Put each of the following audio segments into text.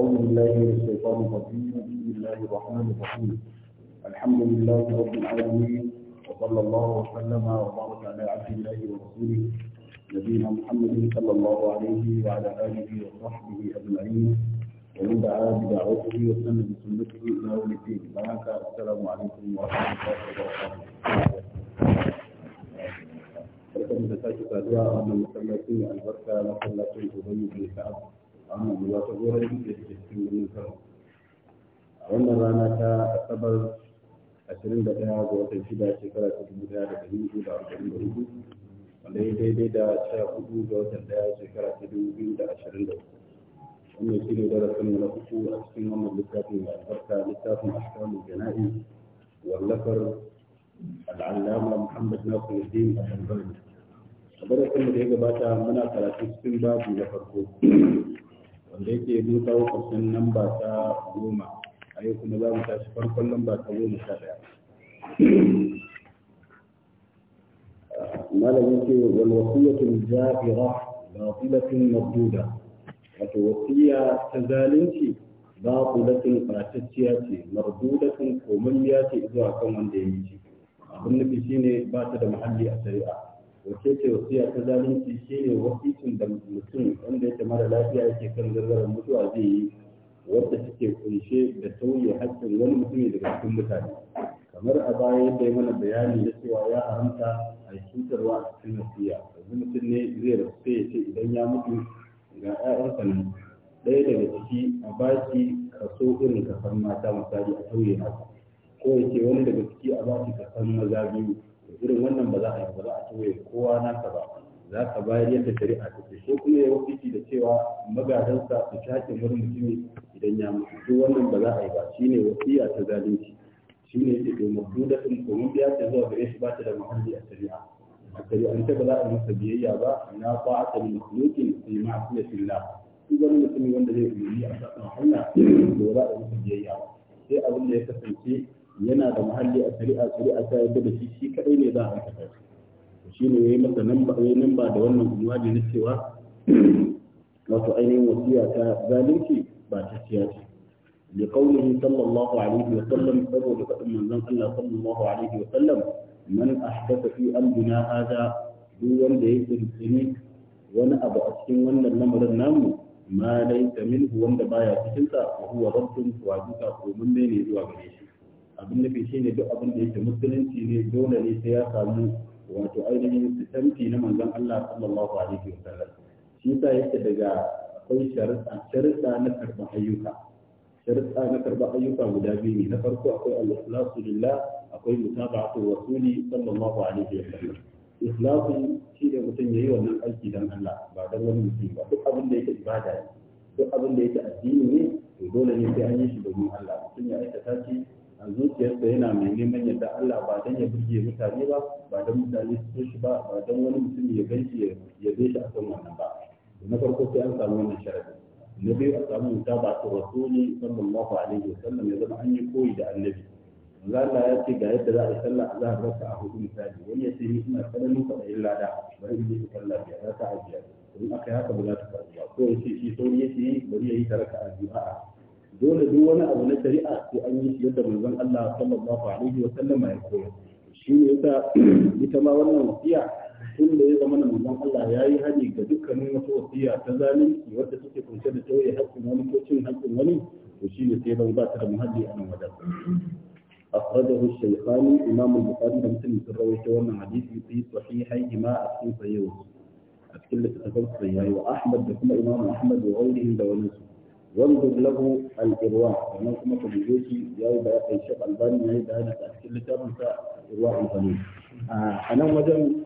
أعوذ بالله من الشيطان الرجيم بسم الله الرحمن الرحيم الحمد لله رب العالمين وصلى الله وسلم وبارك على عبد الله ورسوله نبينا محمد صلى الله عليه وعلى آله وصحبه أجمعين ومن دعا بدعوته وسن بسنته إلى يوم الدين بارك السلام عليكم ورحمة الله وبركاته barkan da sake saduwa a wannan masallacin albarka masallacin ubangi bin ka'ab wannan guda ta goron da ke cikin birnin kano a wannan rana ta asabar 21 ga watan 6 shekarar ta dubu daya da dari hudu da arba'in da hudu wanda ya daidai da sha hudu ga watan daya shekarar ta dubu biyu da ashirin da hudu wannan shi ne darasin na uku a cikin wannan littafin mai albarka littafin ahkamul jana'i wallafar al'allama muhammad nasiruddin a tambari a darasin da ya gabata muna karatu cikin babu na farko wanda yake duka kawo nan ba ta goma a yi kuma za mu tashi farkon ba ta goma sha ɗaya malam yake wal wasiyatul ba batilatin mabduda wato wasiya ta zalunci kulatin ɓatacciya ce sun komammiya ce zuwa kan wanda ya yi ci abin nufi ne ba ta da muhalli a shari'a wace ce wasiya ta zalunci shi ne wasicin da mutum wanda yake mara lafiya yake kan zarzarar mutuwa zai yi wadda take kunshe da tauye haƙƙin wani mutumi daga cikin mutane kamar a baya yadda ya mana bayani da cewa ya haramta a cutarwa a cikin wasiya yanzu mutum ne zai rasu ya ce idan ya mutu ga 'ya'yansa nan ɗaya daga ciki a baki kaso irin kasan mata misali a sauye haka ko ya ce wani daga ciki a baki kasan maza biyu irin wannan ba za a yi ba za a tauye kowa ka ba za ka bayar yadda shari'a ta ce ko kuma ya wakilci da cewa magadansa su shaƙin wani mutumi idan ya mutu duk wannan ba za a yi ba ne wasiya ta zalunci shine yake da mahdudatun kuma biya ta zuwa gare shi ba ta da muhalli a shari'a a shari'ance ba za a masa biyayya ba na ba'ata min makhluqin fi ma'siyatillah duk wani mutumi wanda zai yi a sa'an Allah ba za a masa biyayya ba sai abin da ya kasance yana da muhalli a shari'a shari'a ta yadda da shi shi kadai ne za a aikata shi shi ne yayi masa namba yayi da wannan unwani na cewa wato ainihin wasiya ta zalunci ba ta ciya ce li qawlihi sallallahu alaihi wa sallam saboda fadin manzon Allah sallallahu alaihi wa sallam man ahdatha fi amrina hada duk wanda ya tsini wani abu a cikin wannan lamarin namu ma laysa minhu wanda baya cikin sa huwa rabbun wa duka ko mun ne zuwa gare shi abin da nufi shine duk abin da yake musulunci ne dole ne sai ya samu wato ainihin sitanti na manzon Allah sallallahu alaihi wa sallam shi ta yake daga akwai sharuɗa sharuɗa na karɓar ayyuka sharuɗa na karɓar ayyuka guda biyu ne na farko akwai al-ikhlasu lillah akwai mutaba'atu rasuli sallallahu alaihi wa sallam ikhlasu shi ne mutum yayi wannan aiki dan Allah ba dan wani mutum ba duk abin da yake ibada ne duk abin da yake addini ne to dole ne sai an yi shi domin Allah mutum ya aikata shi a zuciyarsa yana mai neman yadda Allah ba don ya burge mutane ba ba don mutane su shi ba ba don wani mutum ya gan ya zai shi a kan wannan ba na farko sai an samu wannan sharadi na biyu a samu mutum ba ta rasuli sallallahu alaihi wa sallam ya zama an yi koyi da annabi Allah ya ce ga yadda za a yi sallah a zahar raka a hudu misali wani ya ce ni ina tsananin kwaɗayin lada bari in yi sallah biyar raka a biyar in aka yi haka ba za ta faru ba ko ya ce shi sauri ya ce bari ya yi ta raka a biyu a'a dole duk wani abu na shari'a sai an yi shi yadda manzon Allah sallallahu alaihi wa sallama ya koya shi ne yasa ita ma wannan wasiya tun da ya zama na manzon Allah ya yi hani ga dukkanin wata wasiya ta zalunci wadda suke kunshe da tauye haƙƙin wani ko cin haƙƙin wani to shi ne sai zama ba ta da muhalli a nan wajen أخرجه الشيخاني إمام البخاري ومسلم في الروي wannan hadisi في صحيحيهما أحسن سيوس أتكلم في صحيحي وأحمد كما إمام أحمد وغيرهم دونسه وانظر له a كما كما تبجيكي يا yi الشيخ الباني يا إذا أنا تأكل لتابن إرواح الخليل أنا وجن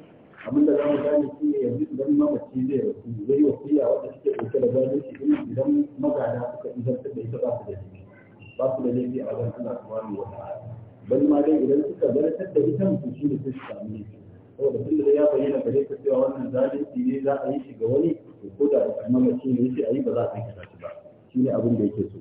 abin da za mu gane shi ne yanzu idan mamaci zai rasu zai yi wasiya wanda suke ɗauke da gane shi in idan magana suka izantar da ita ba su da ba su da laifi a wajen suna subhanahu wa ta'ala bal ma dai idan suka zartar da ita mutum shi ne sai su samu laifi saboda tun da ya bayyana gare ka cewa wannan zalunci ne za a yi shi ga wani ko da mamaci ne sai a yi ba za a kai shi ba ne abin da yake so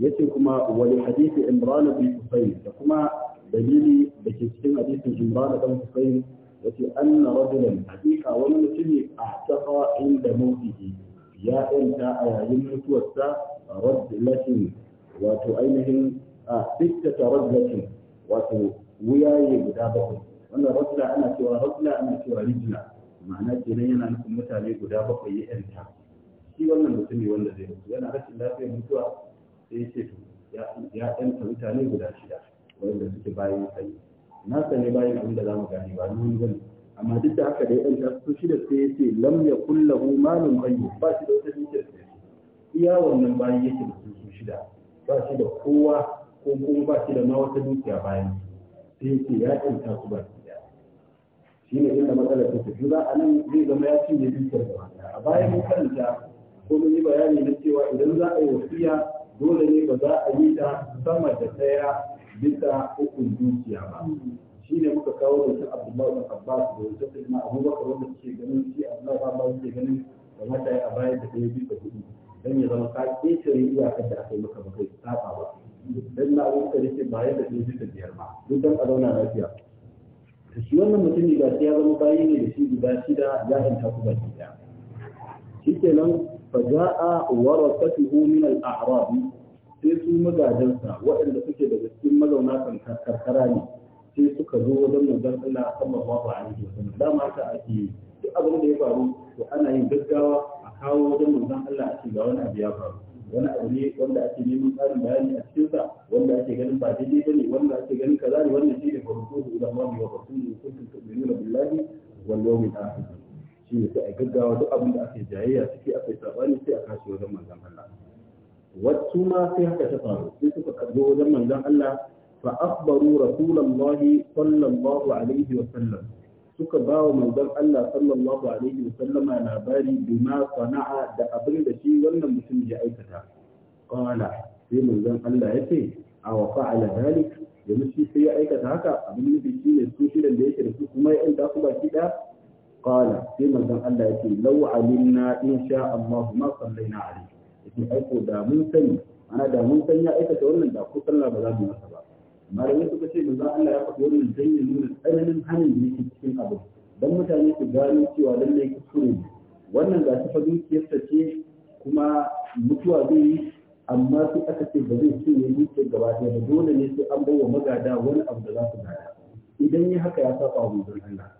yace kuma wani hadisi imran bin husayn da kuma dalili da ke cikin hadisin imran bin husayn yace anna rajulan hakika wani mutumi a tafa inda mawdihi ya danta a yayin mutuwarsa radlatin wato ainihin a fitta wato guda bakwai wannan radla ana cewa radla ana cewa rijla ma'ana kenan yana nufin mutane guda bakwai ya yanta shi wannan mutum ne wanda zai mutu yana rashin lafiyar mutuwa sai ce to ya ɗanta mutane guda shida wanda suke bayan sani na sani bayan abin da za mu gane ba nuni bane amma duk da haka da ya ɗanta su shida sai ya ce lam ya kullahu malun ghayyu ba shi da wata dukiyar sai iya wannan bayan yake da su shida ba shi da kowa ko kuma ba shi da ma wata dukiya bayan sai ya ce ya ɗanta su ba shi ne inda matsalar ta tafi za a nan zai zama ya cinye dukiyar da a bayan mun karanta ko mun yi bayani na cewa idan za a yi wasiya dole ne ba za a yi ta sama da ɗaya bisa ukun dukiya ba shi ne muka kawo da su abdullahi bin abbas da wata sayyidina abubakar wanda suke ganin shi abdullahi ba ba suke ganin kamata ya a bayar da ɗaya bisa hudu dan ya zama ka ƙetare iyakar da aka yi maka bakai kai ba dan na abubakar yake bayar da ɗaya bisa biyar ba duk dan a zauna lafiya da shi wannan mutum ga ya zama bayi ne da shi guda shida ya ɗanta ku shi ɗaya shi kenan faja'a warasatuhu min al-a'rab sai su magajansa waɗanda suke daga cikin mazauna karkara ne sai suka zo wajen manzon Allah sallallahu alaihi wasallam dama haka ake yi duk abin da ya faru to ana yin gaggawa a kawo wajen manzon Allah ake ga wani abu ya faru wani abu ne wanda ake neman tsarin bayani a cikin sa wanda ake ganin ba daidai bane wanda ake ganin kaza ne wanda shi ne farko da wani wa rasulullahi sallallahu alaihi wasallam wal yawmil akhir shi ne sai a gaggawa duk abin da aka yi jayayya ciki aka yi sabani sai a kashi wajen manzon Allah wasu ma sai haka ta faru sai suka kallo wajen manzon Allah fa akhbaru rasulullahi sallallahu alaihi wa sallam suka ba wa manzon Allah sallallahu alaihi wa sallama labari bima sana'a da abin da shi wannan mutum ya aikata qala sai manzon Allah ya ce a wa fa'ala dalik yanzu shi sai ya aikata haka abin da shi ne su shirin da yake da su kuma ya ɗan tasu baki ɗaya qala sai manzon Allah yake law alimna in sha Allah ma sallaina alayhi yake aiko da mun sani ana da mun san ya aikata wannan da ko sallah ba za mu masa ba malamai suka ce manzon Allah ya faɗi wannan dan ya nuna tsananin hanin da cikin abu dan mutane su gano cewa lallai kuskure ne wannan ga ta dukiyarsa ce kuma mutuwa zai yi amma su aka ce ba zai cinye ne dukiyar gaba ba dole ne su an bai wa magada wani abu da za su gada idan ya haka ya saba wa manzon Allah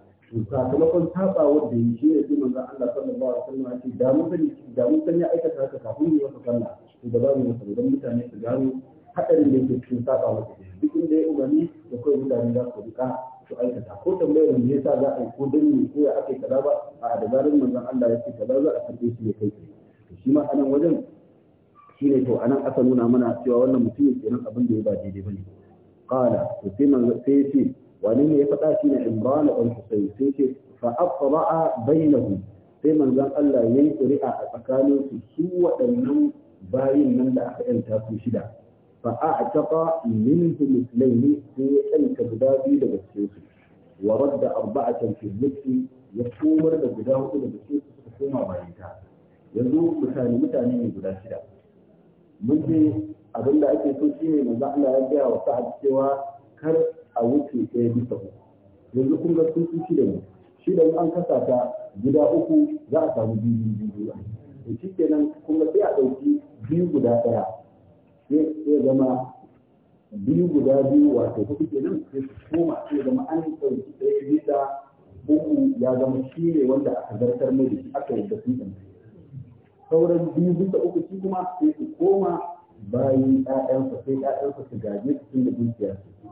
sakamakon saba wanda ya shi ne su manzan Allah sallallahu alaihi wasallam yake da mun sani da mun aikata haka kafin ne wata sallah to da mu masa don mutane su gano hadarin da yake cikin saba wanda duk inda ya umarni da kawai mutane za su rika su aikata ko tambayar me yasa za a yi ko dan ne ko ya ake kaza ba a da manzan Allah ya ce kaza za a karbe shi ya kai shi ma anan wajen shi ne to anan aka nuna mana cewa wannan mutumin kenan abin da ya ba daidai bane qala to sai manzo sai ya ce wani ne ya faɗa shi ne imran ibn husayn sai ce fa afra'a bainahum sai manzon Allah yayi ƙuri'a a tsakanin su su waɗannan bayin nan da aka yanta su shida fa a'taqa minhu mithlaini sai ya tsanta guda biyu daga cikin su wa radda arba'atan fi mithli ya komar da guda hudu daga cikin su suka koma bayan ta yanzu mutane mutane ne guda shida mun abin da ake so shine manzon Allah ya gaya wa sa'ad cewa kar a wuce ɗaya bisa uku yanzu kun ga sun shi da ne shi da an kasa ta gida uku za a samu biyu biyu biyu to shi kenan kun ga sai a ɗauki biyu guda ɗaya sai ya zama biyu guda biyu wato kuɗi kenan sai su koma sai zama an ɗauki ɗaya bisa uku ya zama shi ne wanda aka zartar mai da shi aka da sun sauran biyu bisa uku shi kuma sai su koma bayan ƴaƴansa sai ƴaƴansa su gaje su tun da dukiyar su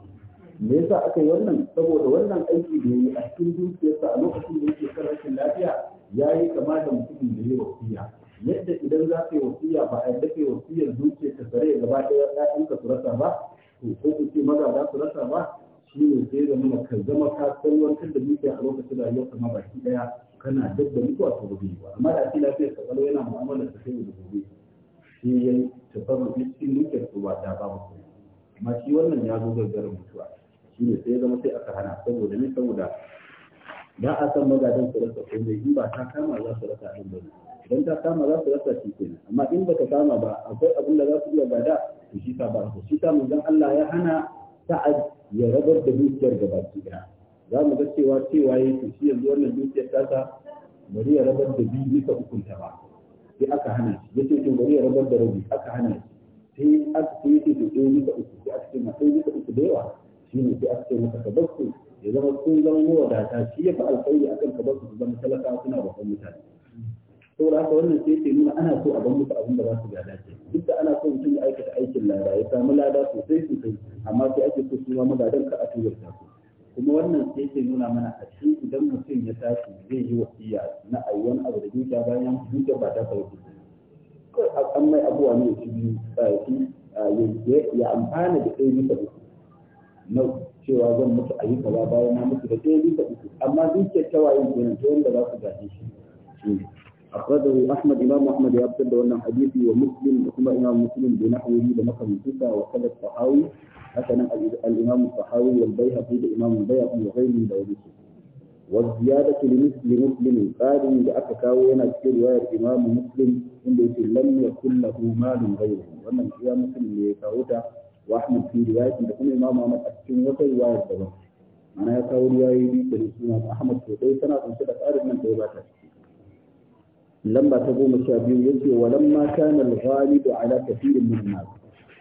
me yasa aka yi wannan saboda wannan aiki da yi a cikin dukiyarsa a lokacin da yake kan lafiya ya yi kama da mutumin da ya wasiya yadda idan za ka yi wasiya ba a yadda ka yi wasiyar dukiyar ta tsare gaba ɗaya ɗayanka su rasa ba to ko ku ce maza za su rasa ba shi ne sai da ka zama ka da dukiya a lokacin da ka baki ɗaya kana duk da mutuwa ta gobe ba amma da ake lafiyar ka tsaro yana mu'amala ta kai da gobe shi ya tafarrufi cikin dukiyar su ba ta ba mutum amma shi wannan ya zo gaggarin mutuwa shi ne sai zama sai aka hana saboda ne saboda ba a san magadan su rasa komai in ba ta kama za su rasa abin ne idan ta kama za su rasa shi kenan amma in ba ta kama ba akwai abin da za su iya gada to shi ta ba su shi ta mun Allah ya hana sa'ad ya rabar da dukiyar gabaki daya za mu ga cewa cewa yayi to shi yanzu wannan dukiyar tasa bari ya rabar da biyu bisa ukun ta ba sai aka hana shi yace to bari ya rabar da rabi aka hana shi sai aka yi ta ɗaya bisa uku sai aka ce ma ɗaya bisa uku da yawa shi ne sai aka maka ka ya zama sun zama mawadata shi ya fi alkhairi akan ka su zama talakawa suna bakon mutane da haka wannan sai ke nuna ana so a ban musu abin da za su gada duk da ana so mutum ya aikata aikin lada ya samu lada sosai sosai amma sai ake so su ma magadan ka a turarta ta kuma wannan sai ke nuna mana a cikin idan mutum ya tashi zai yi wasiya na a abu da dukiya bayan dukiya ba ta farko kawai a kan mai abuwa ne su biyu ya amfana da ɗaya bisa uku nau cewa zan mutu a yi kaza bayan na mutu da ɗaya biyu da uku amma zuciyar ta waye ke nan ta wanda za su gaje shi shi a kwadar ahmad imam ahmad ya fitar da wannan hadisi wa muslim kuma imam muslim da na hauri da makami mutuka wa kalar sahawi haka nan imam sahawi wal bai haƙi da imam bai haƙi wa ghaini da wani su wa ziyada tilimisli muslim tsarin da aka kawo yana cikin riwayar imam muslim inda yake lamma kullahu malin ghaini wannan iya muslim ne ya kawo ta wa Ahmad fi riwayati da kuma Imam Ahmad a cikin wata riwaya daban ana ya kawo riwayoyi biyu da suna Ahmad to dai tana kunshe da ƙarin nan da ba ta lamba ta goma sha biyu yace walamma kana al-ghalibu ala kathirin min nas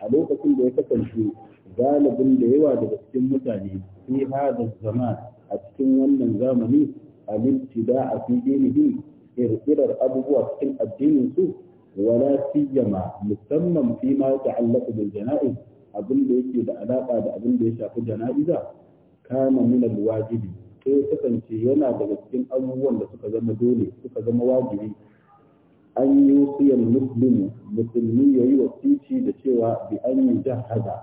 a lokacin da ya kasance galibin da yawa daga cikin mutane fi hada zaman a cikin wannan zamani al-ibtida fi dinihi irkirar abubuwa cikin addinin su wala siyama musamman fi ma ta'allaqu bil jana'iz abin da yake da alaƙa da abin da ya shafi jana'iza kana min alwajibi sai kasance yana daga cikin abubuwan da suka zama dole suka zama wajibi an yi wasiyar muslimu musulmi ya yi wasici da cewa bi an yi jahaza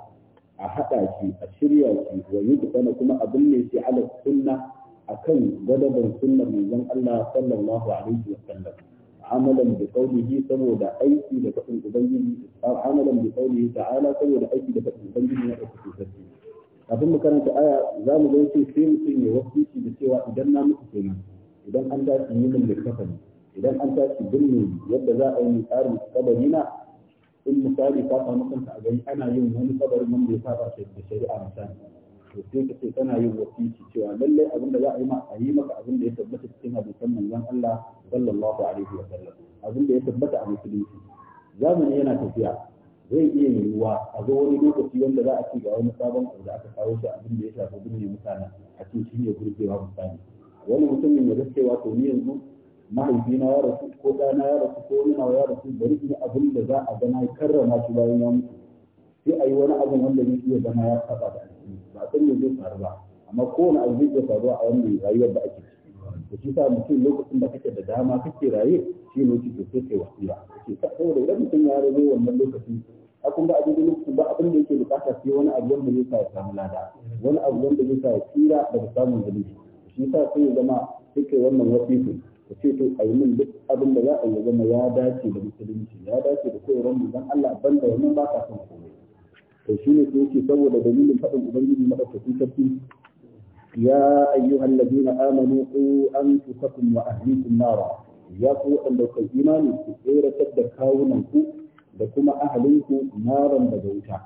a haɗa shi a shirya shi wa yi dukana kuma abin ne shi ala sunna akan gadaban sunnar manzon Allah sallallahu alaihi wa sallam amalan bi qawlihi saboda aiki da fadin ubangiji amalan bi qawlihi ta'ala saboda aiki da fadin ubangiji na ɗaukaki sarki kafin mu karanta aya za mu ga yace sai mutum ya wasiki da cewa idan na mutu kenan idan an tashi yi min littafani idan an tashi binne yadda za a yi tsarin kabari na in misali ka samu kanka a gani ana yin wani kabarin wanda ya saba da shari'a misali to sai ka ce kana yin wasiki cewa lallai abin da za a yi ma a yi maka abin da ya tabbata cikin hadisan manzon Allah sallallahu alaihi wa sallam abin da ya tabbata a musulunci zamani yana tafiya zai iya yiwuwa a zo wani lokaci wanda za a ci ga wani sabon abu da aka kawo shi abin da ya shafi binne mutane a cikin shi ne gurbewa mutane wani mutumin ya zai cewa to ni yanzu mahaifina ya rasu ko ɗana ya rasu ko wani nawa ya rasu bari in abin da za a gana karrama shi bayan ya mutu sai a yi wani abin wanda zai iya zama ya saba da ciki ba san me zai faru ba amma kowane abu zai faru a wannan rayuwar da ake ciki to shi sa mutum lokacin da kake da dama kake raye shi ne kike so kai wasiya kake ka saboda idan mutum ya rayu wannan lokacin akun ba abin da lokacin ba abin da yake bukata sai wani abu wanda zai sa ya samu lada wani abu wanda zai sa ya tsira daga samun zunubi shi sa sai ya zama kike wannan wasiya ka ce to a yi min duk abin da za a yi zama ya dace da musulunci ya dace da koyarwar dan Allah banda wannan ba ka son komai to shi ne yake saboda dalilin faɗin ubangiji maɗaukakin sarki ya na amani amanu qu anfusakum wa ahlikum nara ya ku wanda kai imani ku tsere tadda kawunan ku da kuma ahlinku naran daga wuta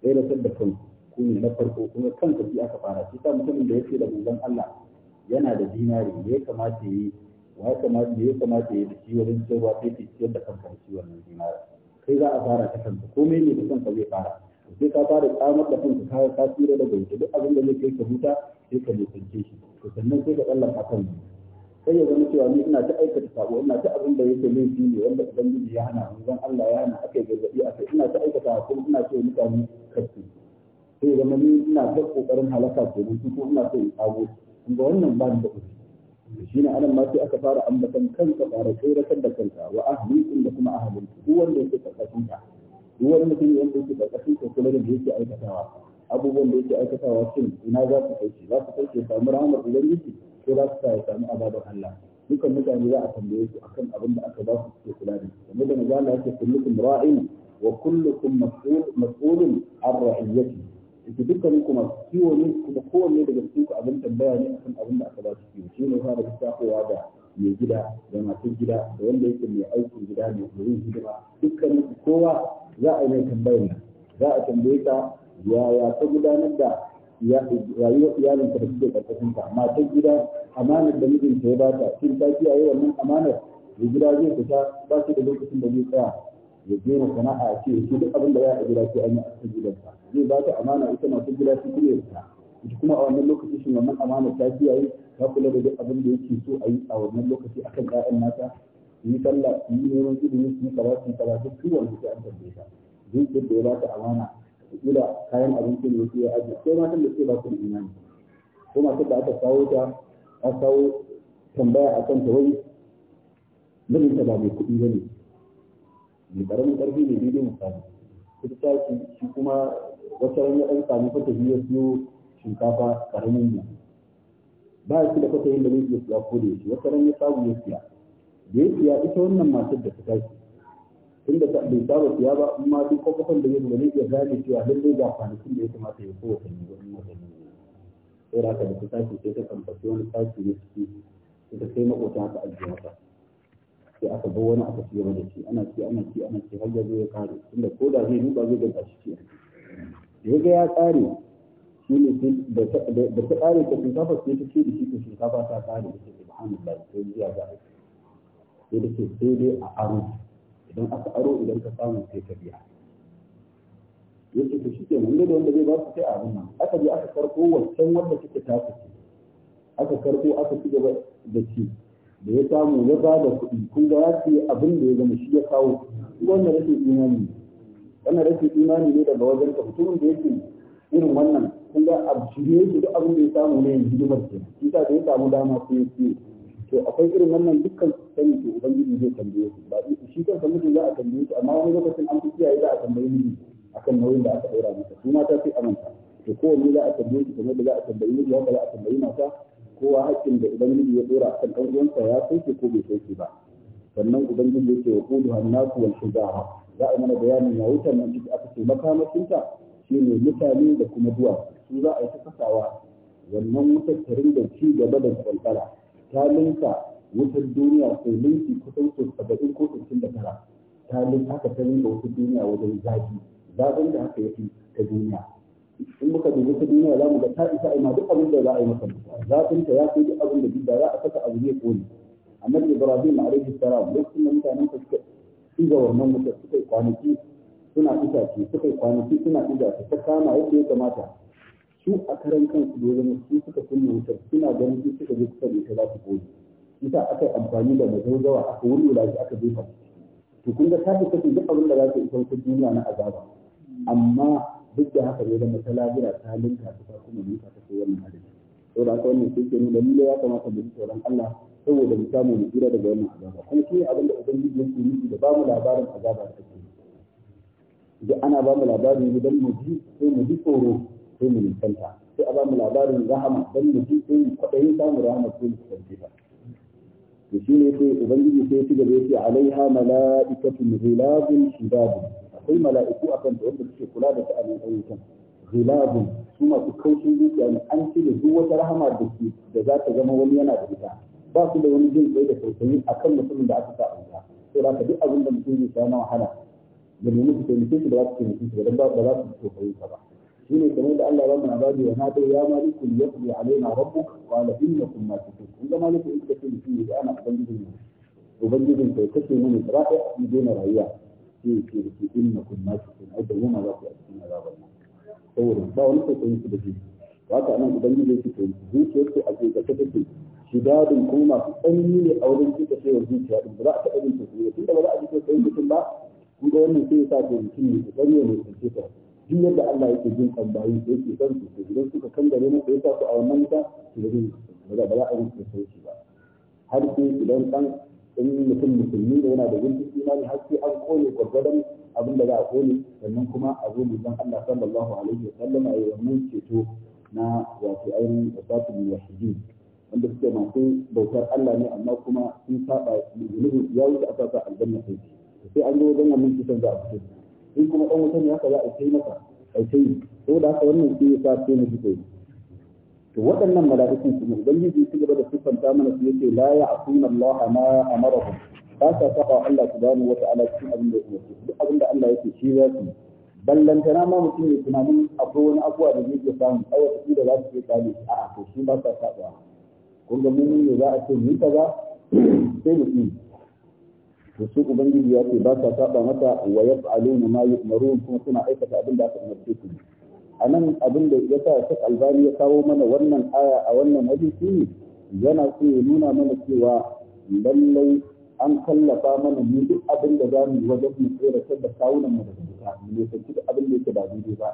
tsere tadda kan ku ne na farko kuma kanka shi aka fara shi ta mutumin da yake da ubangiji Allah yana da dinari ne ya kamata ya kamata ya kamata ya ci wajen cewa da kanka da ciwon kai za a fara ta kanka komai ne da kanka zai fara sai ka fara tsamar da kanka ka ka tsira daga wuta duk abin da zai kai ka huta sai ka nisance shi to sannan sai ka a kan sai ya zama cewa ni ina ta aikata sabo ina ta abin da yake laifi ne wanda idan ubangiji ya hana mu zan Allah ya hana akai gargadi akai ina ta aikata ko ina ce mutane kasu sai ya zama ni ina ta kokarin halaka kenan ko ina so in tsago kuma wannan ba ni da shi ne anan ma sai aka fara ambatan kanka fara tsiratar da kanka wa ahlikum da kuma ahlinku duk wanda yake karkashin ka duk wani mutum wanda yake karkashin kokolin da yake aikatawa abubuwan da yake aikatawa shin ina za su kai za su kai shi samu rahmar ubangiji ko za su sa ya samu azabar Allah dukan mutane za a tambaye su akan abin da aka ba su suke kula da shi kamar da magana yake kullukum ra'in wa kullukum mas'ulun an ra'iyati yake dukkanin kuma kiwo ne kuma kowanne daga cikin ku abin tambaya ne akan abin da aka ba su kiwo shine fara lissafowa da mai gida da masu gida da wanda yake mai aikin gida mai gurin hidima dukkanin kowa za a yi mai tambayar nan za a tambaye ka yaya ta gudanar da rayuwar iyalinka da suke karkashin ka matar gida amanar da mijinta ya bata shin ta kiyaye wannan amanar da gida zai fita ba shi da lokacin da zai tsaya ya gina sana'a a ce shi duk abin da za a gida ce an yi a cikin gidansa zai ba ta amana ita masu gida su kuma ta ita kuma a wannan lokacin shi wannan amana ta kiyaye ta kula da duk abin da yake so a yi a wannan lokaci akan 'ya'yan nata su yi sallah yi neman ilimi su yi karatu su yi kaza duk kowanne sai an tambaye ta duk da ya ba ta amana kila kayan abinci ne su aji sai matan da suke ba su da imani ko matan da aka kawo ta a kawo tambaya a kan ta wai mijinta ba mai kuɗi ba ne mai ƙaramin ƙarfi ne daidai misali ita ta shi kuma wata ran ya ɗan sami fata biyu ya siyo shinkafa ƙaramin ne ba shi da fata yin da zai iya siya ko da yake wata ran ya samu ya siya da ya ita wannan matar da ta tashi tunda ta bai saba siya ba amma duk kwakwakwan da zai gani zai gane cewa lallai ga kwanakin da ya kamata ya kowa kan yi wani magani sai da ka da ta tashi sai ta kamfaci wani tashi ne ciki sai ta kai makota ta ajiye mata sai aka bi wani aka ci gaba da shi ana ci ana ci ana ci har ya zo ya kare tunda ko da zai duba zai ga shi ci da ya ga ya kare shi ne da ta kare ta shinkafa sai ta ce da shi ta shinkafa ta kare da ta subhanallah sai ya ga sai da ke sai dai a aro idan aka aro idan ka samu sai ka biya yake to shi ke da wanda zai ba su sai abin nan aka je aka karko wancan wanda suke ta su aka karko aka ci gaba da ci da ya samu ya ba da kuɗi kun ga ya ce abin da ya gama shi ya kawo wannan rashin imani ne wannan rashin imani ne daga wajen ka mutumin da yake irin wannan kun ga abu shirye yake duk abin da ya samu ne yanzu hidimar ke shi sa da ya samu dama sun ya ce to akwai irin wannan dukkan sani to ubangiji zai tambaye su ba shi kan mijin za a tambaye su amma wani lokacin an fi kiyaye za a tambaye miji akan nauyin da aka daura masa su ta sai amanta to kowanne za a tambaye shi kamar da za a tambayi miji haka za a tambayi mata kowa haƙƙin da ubangiji ya dora akan ɗan uwansa ya sauke ko bai sauke ba sannan ubangiji yake wa kudu hannaku wal shugaba za a mana bayanin ya wutar nan duk aka ce makamacinta shi ne mutane da kuma duwa su za a yi ta kasawa wannan wutar da ci gaba da kwalkwala ta linka wutar duniya sai linki kusan so saba'in ko sittin da tara ta aka ta rinka wutar duniya wajen zafi zafin da haka yafi ta duniya in muka dubi ta duniya za mu ga ta isa ima duk abin da za a yi masa mutuwa zafin ta ya fi duk abin da duk da za a saka abu zai kone annabi ibrahim alaihi salam lokacin da mutanen ka suka shiga wannan wutar suka yi kwanaki suna itace suka yi kwanaki suna itace ta kama yadda ya kamata su a karan kansu da zama su suka kunna wutar suna ganin su suka je kusa da ita za su kone isa aka yi amfani da mazaujawa aka wulwula shi aka jefa to kun ga tafi kace duk abin da za ka isa wata duniya na azaba amma duk da haka ne zama ta labira ta linka ta ta kuma linka ta wannan hadisi saboda haka wannan sai ke nuna lalle ya kamata mu ji tsoron Allah saboda mu samu mu tsira daga wannan azaba kuma shi ne abin da ubangiji yake nufi da bamu labarin azaba da take idan ana bamu labarin gidan mu ji sai mu ji tsoro sai mu nisanta sai a bamu labarin rahama dan mu ji sai mu kwaɗayin samun rahama sai mu kusance ta to shi ne sai ubangiji sai ci gaba ce alaiha mala'ikatun ghilabun shidad akwai mala'iku akan da wanda suke kula da sha'anin ayyukan ghilabun su masu kaushin zuciya ne an cire duk wata rahama da ke da za ta zama wani yana da ita ba su da wani jin kai da tausayi akan mutumin da aka sa a wuta sai da duk abin da mutum zai sha na wahala da nemi su taimake shi da za su taimake shi da ba za su tausayi ka ba shine kamar da Allah ya bamu labari na nado ya maliku yaqdi alaina rabbuk qala innakum malikun in da maliku in kace ni da ana ubangijin ne ubangijin kai kace ne rafi a cikin rayuwa shi ke da shi innakum malikun ai da goma za ku a cikin azabar nan saboda ba wani ko kun su da shi haka anan ubangijin shi kai zuciyar ku a cikin ta take shidadin kuma masu tsanani ne a wurin cika cewa zuciya din ba za a taɓa jin sosai tunda ba za a ji sosai mutum ba kun ga wannan sai ya sa ke mutum ne ya tsanye ne su ce ta duk yadda Allah yake jin kan bayi da yake son su idan suka kan masa ya sa su a wannan ta su da ba za a yi sauki ba har sai idan kan in mutum musulmi ne yana da zurfin imani har sai an kone gwargwadon abin da za a kone sannan kuma a zo san Allah sallallahu alaihi wa sallam a yi mun ceto na wato ainihin wasatul muwahhidin wanda suke masu bautar Allah ne amma kuma sun saba zunubi ya wuce a sasa aljanna sai sai an zo wajen mun kisan za a fito in kuma ɗan wutan ya kaza a kai masa a kai da haka wannan shi ya sa sai mu ji to waɗannan mala'ikun ne ubangiji su gaba da ta mana su yake la ya'suna Allah ma amarahum ba sa saba Allah subhanahu wa ta'ala cikin abin da yake duk abin da Allah yake shi za su ballantana ma mutum ya tunanin akwai wani abuwa da zai ke samu ai wata da za su yi kame a'a to shi ba sa saba kun ga mun ne za a ce ni kaza sai mu yi wasu su ubangiji ya ce ba sa saba mata wa yaf'aluna ma yu'marun kuma suna aikata abin da aka umarce su a nan abin da ya sa Sheikh Albani ya kawo mana wannan aya a wannan hadisi yana so ya nuna mana cewa lallai an kallafa mana mu duk abin da za mu yi wajen mu tsere da kawunan mu daga wuta mu nisanci duk abin da yake ba daidai ba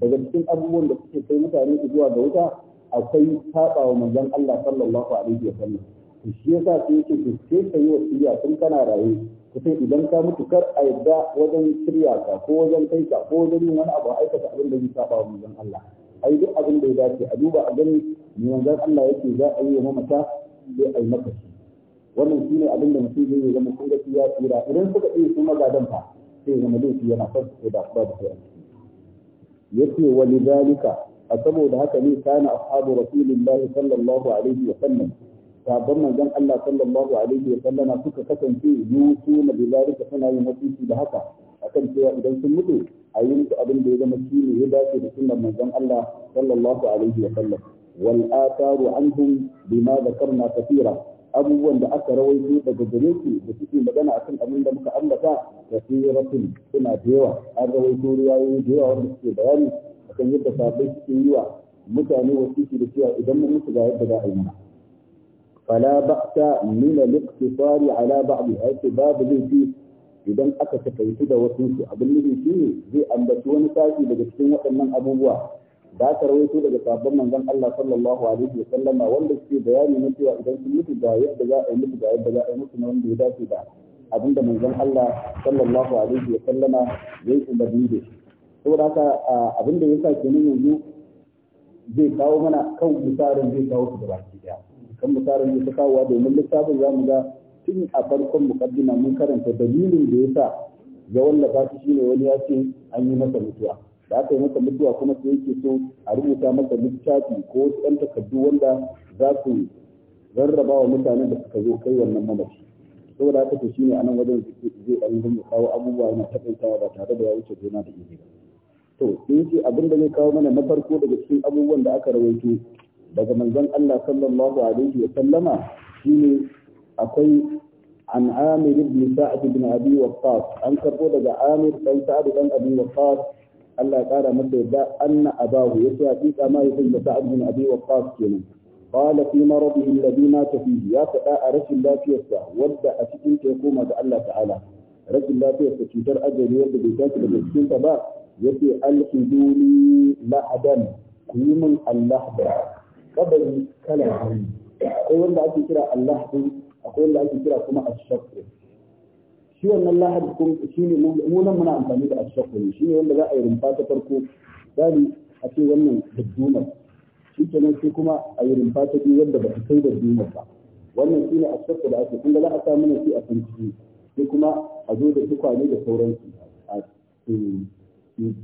daga cikin abubuwan da suke kai mutane zuwa ga wuta akwai saba wa manzon Allah sallallahu alaihi wa sallam shi yasa sai yake ki sai ka yi wa wasiya tun kana raye kusan idan ka mutu kar a yadda wajen shirya ka ko wajen kai ka ko wajen yin wani abu a aikata abin da zai saba wa manzon Allah ai duk abin da ya dace a duba a gani me manzon Allah yake za a yi wa mamata sai a yi maka shi wannan shine abin da mutum zai yi zama kun ga ya tsira idan suka iya su magadan fa sai zama laifi yana son su da ba da kai yace walidalika a saboda haka ne kana ashabu rasulillahi sallallahu alaihi wa sallam sabon manzon Allah sallallahu alaihi wa sallama suka kasance yusu na bizarika suna yin wasiki da haka akan cewa idan sun mutu a yi musu abin da ya zama shi ne ya dace da sunnar manzon Allah sallallahu alaihi wa sallam wal atharu anhum bima dhakarna kathira abubuwan da aka rawaito daga gare su da suke magana akan abin da muka ambata kathiratun suna da yawa an rawaito riwayoyi da yawa wanda suke bayani akan yadda sabai suke yi wa mutane wasiki da cewa idan mun mutu ga yadda za a yi mana fala ba'sa min al-iqtisari ala ba'dhi ai babu laifi idan aka takaitu da wasu su abin nufi shine zai ambaci wani sashi daga cikin waɗannan abubuwa da ta rawaito daga sabon manzon Allah sallallahu alaihi wa sallama wanda suke bayani na cewa idan sun mutu ga yadda za a yi mutu ga yadda za a yi mutu na wanda ya dace da abinda manzon Allah sallallahu alaihi wa sallama zai yi umarni da shi saboda haka abinda ya sa kenan yanzu zai kawo mana kan misalin zai kawo su gaba ki daya kan misalin da ta kawo domin littafin za mu ga tun a farkon mukaddima mun karanta dalilin da ya sa ya wallafa shi shine wani ya ce an yi masa mutuwa da aka yi masa mutuwa kuma sai yake so a rubuta masa littafi ko wasu ɗan takardu wanda za su rarraba wa mutanen da suka zo kai wannan mamaci saboda haka to shine a nan wajen zai ainihin ya kawo abubuwa yana taɓaitawa ba tare da ya wuce gona da iri ba to sai ce abin da zai kawo mana na farko daga cikin abubuwan da aka rawaito daga manzon Allah sallallahu alaihi wa sallama shine akwai an Amir ibn Sa'd ibn Abi Waqqas an karbo daga Amir dan Sa'd dan Abi Waqqas Allah ya kara masa yadda anna abahu yace hakika ma yakin da Sa'd ibn Abi Waqqas kenan qala fi maradihi alladhi mata fihi ya fada a rashin lafiyarsa wadda a cikin ta koma ga Allah ta'ala rashin lafiyarsa cutar ajali wadda bai tashi daga cikin ta ba yace alhiduni lahadan ku yi min Allah da kabari kala biyu akwai wanda ake kira Allah akwai wanda ake kira kuma ashaqq shi wannan lahad kun shine mu nan muna amfani da ashaqq ne shi ne wanda za a yi rumfa ta farko dali a ce wannan dadduma shi kenan sai kuma a yi rumfa ta biyu wanda ba ta kai dadduma ba wannan shine ashaqq da ake kun ga za a sa mana shi a kan kanci sai kuma a zo da tukwane da sauransu a eh, eh,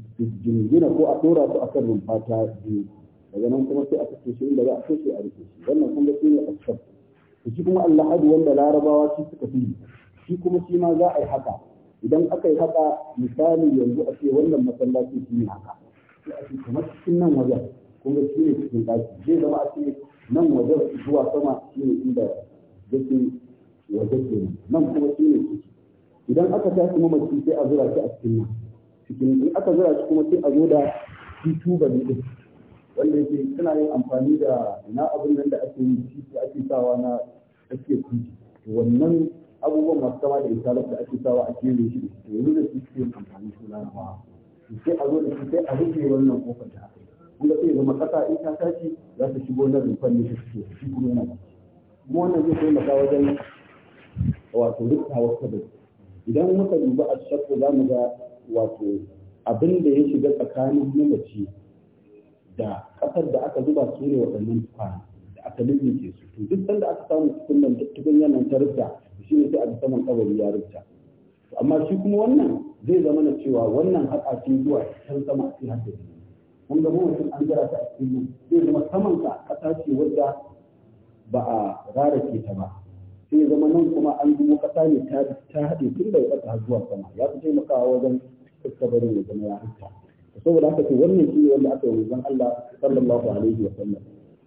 jirgina ko a ɗora su a kan rumfa ta biyu daga nan kuma sai a kashe shi inda za a kashe a rike shi wannan kun ga shi ne asfar shi kuma allahadu wanda larabawa shi suka fi shi kuma shi ma za a yi haka idan aka yi haka misali yanzu a ce wannan masallaci shi ne haka sai a ce kamar cikin nan wajen kun ga shi ne cikin ɗaki zai zama a ce nan wajen zuwa sama shi ne inda yake wajen ke nan kuma shi ne ciki idan aka tashi mamaci sai a zura shi a cikin nan cikin in aka zura shi kuma sai a zo da shi tubali ɗin wanda yake suna yin amfani da na abin nan da ake yi shi da ake sawa na ake kuji wannan abubuwan masu kama da isalar da ake sawa a cikin shi da yanzu da su suke amfani su na ba sai a zo da shi sai a rufe wannan kofar da aka yi kuma sai zama kasa in ta tashi za ta shigo na rufan ne shi shi kuma yana kuma wannan zai taimaka wajen wato wasu kabari idan muka duba a shakku za mu ga wato abin da ya shiga tsakanin mamaci da ƙasar da aka zuba su ne waɗannan tukwana da aka ke su to duk sanda aka samu nan tukunyar nan ta rufta shi ne sai a saman kabari ya rufta amma shi kuma wannan zai zama na cewa wannan haƙa ce zuwa can sama a cikin hankali kun ga mutum an jira ta a cikin nan zai zama saman ka ƙasa ce wadda ba a rarake ta ba sai zama nan kuma an zubo ƙasa ne ta haɗe tun da ya har zuwa sama ya fi taimakawa wajen barin ya zama ya rufta saboda haka to wannan shi ne wanda aka yi manzon Allah sallallahu alaihi wa sallam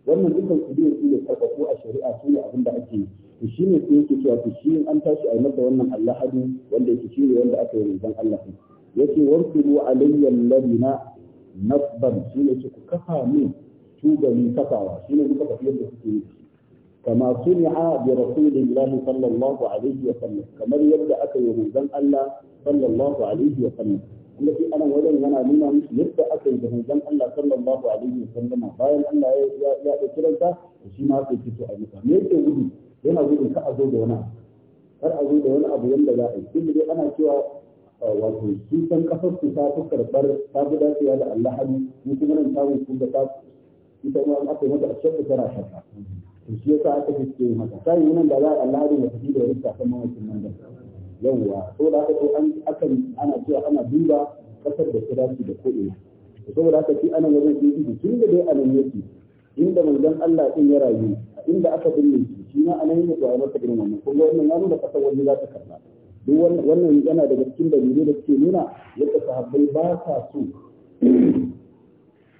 wannan dukkan su biyu ne karɓaɓɓu a shari'a su ne abin da ake yi shi ne sai yake cewa to shi an tashi a yi masa wannan allahadu wanda yake shi ne wanda aka yi manzon Allah yake warfilu alayya alladina nasban shi ne ku kafa min tubali kafawa shi ne kuka kafa yadda kuke yi kama suni'a bi rasulillahi sallallahu alaihi wa sallam kamar yadda aka yi manzon Allah sallallahu alaihi wa sallam kuma shi anan wajen yana nuna musu yadda aka yi da manzon Allah sallallahu alaihi wasallama bayan Allah ya ya dauki ranta shi ma sai fito a jika me gudu yana gudun ka a da wani abu a zo da wani abu yanda za a yi tunda dai ana cewa wato su san kasar su ta fi karɓar ta fi dacewa da Allah hali mu kuma nan ta mun da ta ita ma aka yi mata a shakka tana shakka to shi yasa aka fice mata sai nan da za a Allah hali ya fi da wani sakamakon wannan da yawwa saboda haka ko an akan ana cewa ana duba kasar da ta dace da ko'ina saboda haka shi ana wajen sun shi tun da dai anan yake inda manzon Allah din ya rayu inda aka binne shi shi ma anan yake da a masa wannan ko wannan ya nuna kasar wani za ta karba duk wannan yana daga cikin dalilai da suke nuna yadda sahabbai ba sa so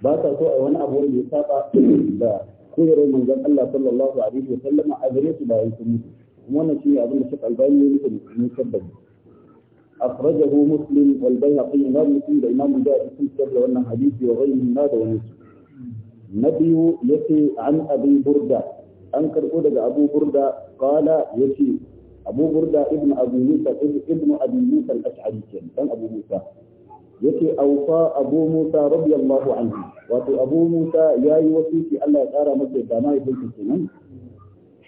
ba sa so a wani abu wanda ya saba da koyarwar manzon Allah sallallahu alaihi wa sallama a gare su bayan sun mutu wannan shi abin da suka albayi ne yake mutum tabbabi akhrajahu muslim wal bayhaqi imam muslim da imam da'i sun tabbata wannan hadisi wa ghayrihi na da wani su nabiyu yace an abi burda an karbo daga abu burda qala yace abu burda ibn abu musa ibn abi musa al-ash'ari dan abu musa yace wato abu musa yayi wasiki Allah ya kara masa da mai bin kenan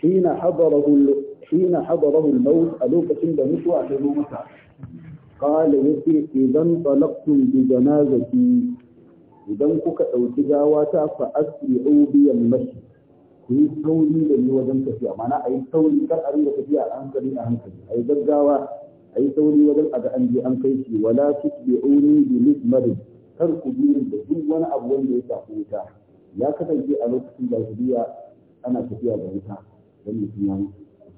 shi na hadarahu حين حضره الموت ألوك سند نسوى حلومتا قال يسي إذا انطلقتم بجنازتي إذا كك أوتجاواتا فأسرعوا بي المشي ku yi sauri da ni wajen tafiya mana a yi sauri kar a rinka tafiya a hankali a hankali a yi gaggawa a yi sauri wajen a ga an an kai shi wala tutbi'uni bi mizmari kar ku bi da duk wani abu wanda ya shafi wuta ya kasance a lokacin da ana tafiya da wuta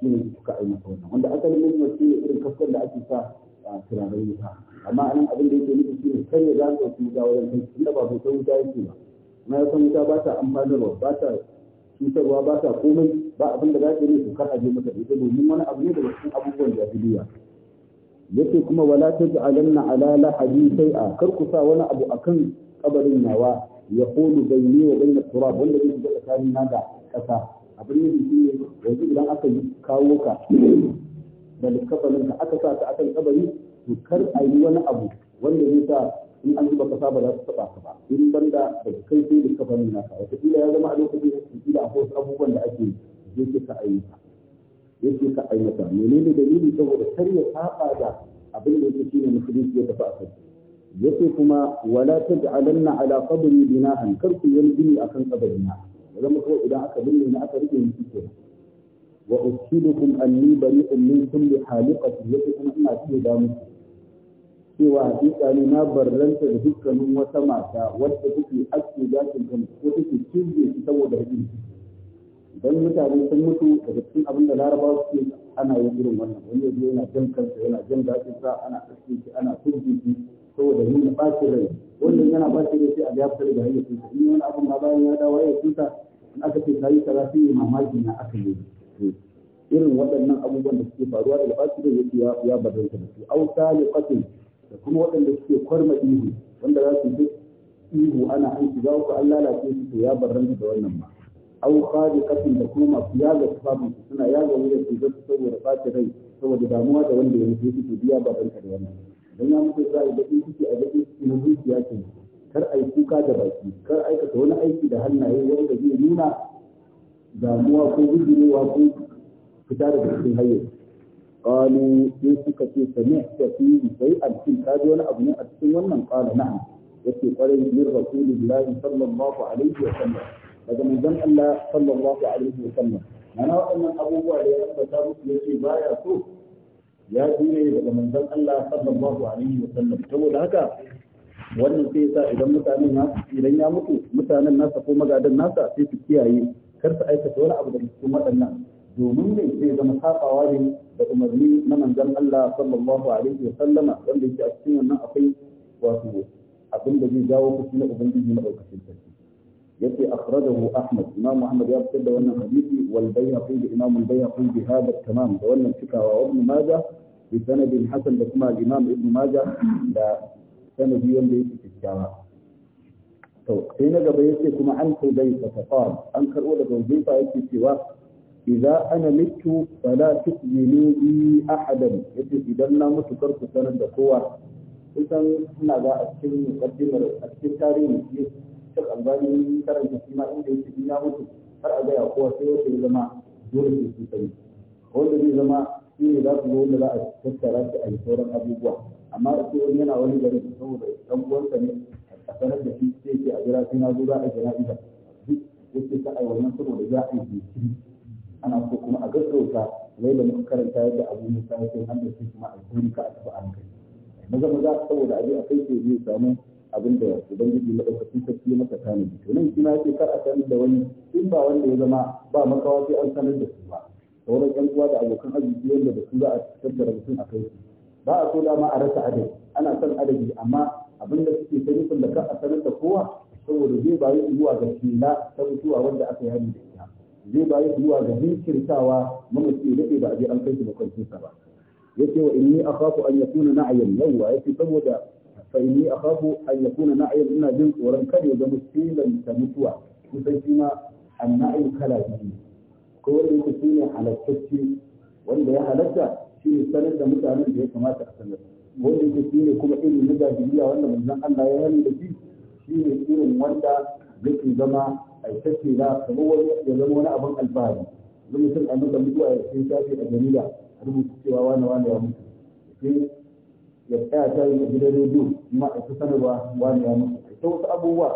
shi ne suka aimata wannan wanda asalin mutuwa shi ne irin kaskon da ake sa a turaren wuta amma anan abin da yake nufi shi ne kai za su wuta wajen kai inda ba hoton wuta yake ba na yasan wuta ba ta amfanarwa ba ta cutarwa ba ta komai ba abin da za ta yi su kar a je mata ita domin wani abu ne daga cikin abubuwan jahiliya yake kuma wala ta taj'alanna ala sai a kar ku sa wani abu akan kabarin nawa ya qulu bayni wa bayna turab wanda yake da tsakanin na da kasa abin yin shi ne yanzu idan aka kawo ka da likafanin ka aka sa ka akan kabari to kar a yi wani abu wanda zai sa in an zuba kasa ba za su taba ka ba in ban da kai sai likafanin naka wataƙila ya zama a lokacin da su da akwai abubuwan da ake yake ka ayyuka yake ka ayyuka menene dalili saboda kar ya saba da abin da yake shine musulunci ya tafi a kai yake kuma wala taj'alanna ala qabri wani gini a kan akan na. zama ko idan aka binne ni aka rike ni kenan wa ushidukum anni bari'un min kulli haliqati yake kuma ina ce da muku cewa hakika ne na barranta da dukkanin wata mata wadda kuke aske gashin kan ko take cije shi saboda rikin idan mutane sun mutu daga cikin abin da larabawa suke ana yin irin wannan wani yanzu yana jan kansa yana jan gashinsa ana aske shi ana cije shi saboda yin ɓacin rai wannan yana ɓacin rai sai a ga ya fita daga in wani abin ma bayan ya dawo hayyacinsa in aka ce kayi kaza sai yi mamaki na aka yi irin waɗannan abubuwan da suke faruwa da ɓaci da yake ya bazanta da su au saliqatin da kuma waɗanda suke kwarma ihu wanda za su duk ihu ana aiki za ku an lalace su to ya barranta da wannan ma au khadiqatin da kuma masu yaga tufafin su suna yaga wurin su zai saboda rai saboda damuwa da wanda ya mutu su biya barranta da wannan dan ya mutu za a yi baƙin ciki a baƙin ciki na zuciya kenan kar a yi kuka da baki kar aikata wani aiki da hannaye wanda zai nuna damuwa ko gudunewa ko fita daga cikin hayyar qalu sai suka ce ta fi shay'an kin ka ji wani abu ne a cikin wannan qala na'am yace kwarai min rasulillahi sallallahu alaihi wa sallam daga manzon Allah sallallahu alaihi wa sallam mana waɗannan abubuwa da ya ambata musu yace baya so ya ji ne daga manzon Allah sallallahu alaihi wa sallam saboda haka wannan sai yasa idan mutanen nasu idan ya mutu mutanen nasa ko magadan nasa sai su kiyaye kar su aikata wani abu da cikin waɗannan domin ne sai zama sabawa ne da umarni na manzon Allah sallallahu alaihi wa sallama wanda yake a cikin wannan akwai wato abin da zai jawo fushi na ubangiji madaukakin sarki yace akhrajahu ahmad imam ahmad ya fitar da wannan hadisi wal bayhaqi da imam al bayhaqi bi hada tamam da wannan cikawa wa ibn majah bi sanadin hasan da kuma al imam ibn majah da sanadi wanda yake kyakkyawa to sai na gaba yake kuma an kudai fa an karbo daga wajifa yake cewa idza ana mitu fala tukminu bi ahadan yace idan na mutu kar ku sanar da kowa kusan ina ga a cikin mukaddimar a cikin tarihin ne ta Albani karanta shi ma inda yake ina mutu har a gaya kowa sai wata ya zama dole sai su sani wanda zai zama shi ne za su zo wanda za a tattara shi a yi sauran abubuwa amma da wani yana wani gari saboda dan uwansa ne a sanar da shi sai ke a jira sai na zo za a jira ita duk yake ta ai wannan saboda za a yi ana so kuma a gaggauta lai da muka karanta yadda abu musa ya ce an da shi kuma a juri ka a tafi an kai maza maza saboda aje a kai ke zai samu abin da ubangiji madaukakin sarki maka tanadi to nan ya ce kar a sanar da wani in ba wanda ya zama ba makawa sai an sanar da su ba sauran yan uwa da abokan arziki wanda da su za a tattara mutum a kai su ba a so dama a rasa adadi ana son adadi amma abin da suke ta nufin da ka a sanar da kowa saboda zai bayi zuwa ga shila ta mutuwa wanda aka yi da ita zai bayi zuwa ga jinkirtawa mamaci da ba a je an kai shi makwancinsa ba yace wa inni akhafu an yakuna na'yan yawa yace saboda fa inni akhafu an yakuna na'yan ina jin tsoron kar ya zama silan ta mutuwa kusan shi ma an na'yu kala biyu ko wanda yake shine wanda ya halatta shine sanar da mutanen da ya kamata a sanar wanda yake shine kuma irin na jahiliya wanda manzon Allah ya hani da shi shine irin wanda yake zama tace da kuma wani ya zama wani abin alfahari mun san a da mutuwa ya sai shafi a jarida a rubuta cewa wani wani ya mutu sai ya tsaya ta yi gidan rediyo kuma a ta sanarwa wani ya mutu ta wasu abubuwa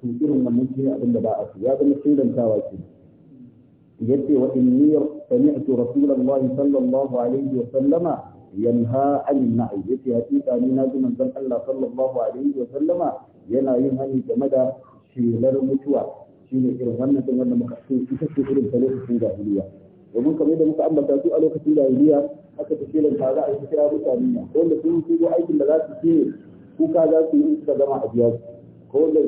to irin wannan shi ne abin da ba a su ya zama shirin kenan yace wa inni sami'tu rasulullahi sallallahu alaihi wa sallama yanha anil na'i yace hakika ni na ji manzon Allah sallallahu alaihi wa sallama yana yin hani game da shelar mutuwa shine irin wannan din wanda muka ce ita ce irin ta lokacin jahiliya domin kamar yadda muka ambata su a lokacin jahiliya haka ta shelar ta za a yi kira mutane ne ko da sun shigo aikin da za su ce kuka za su yi suka gama a biya ko da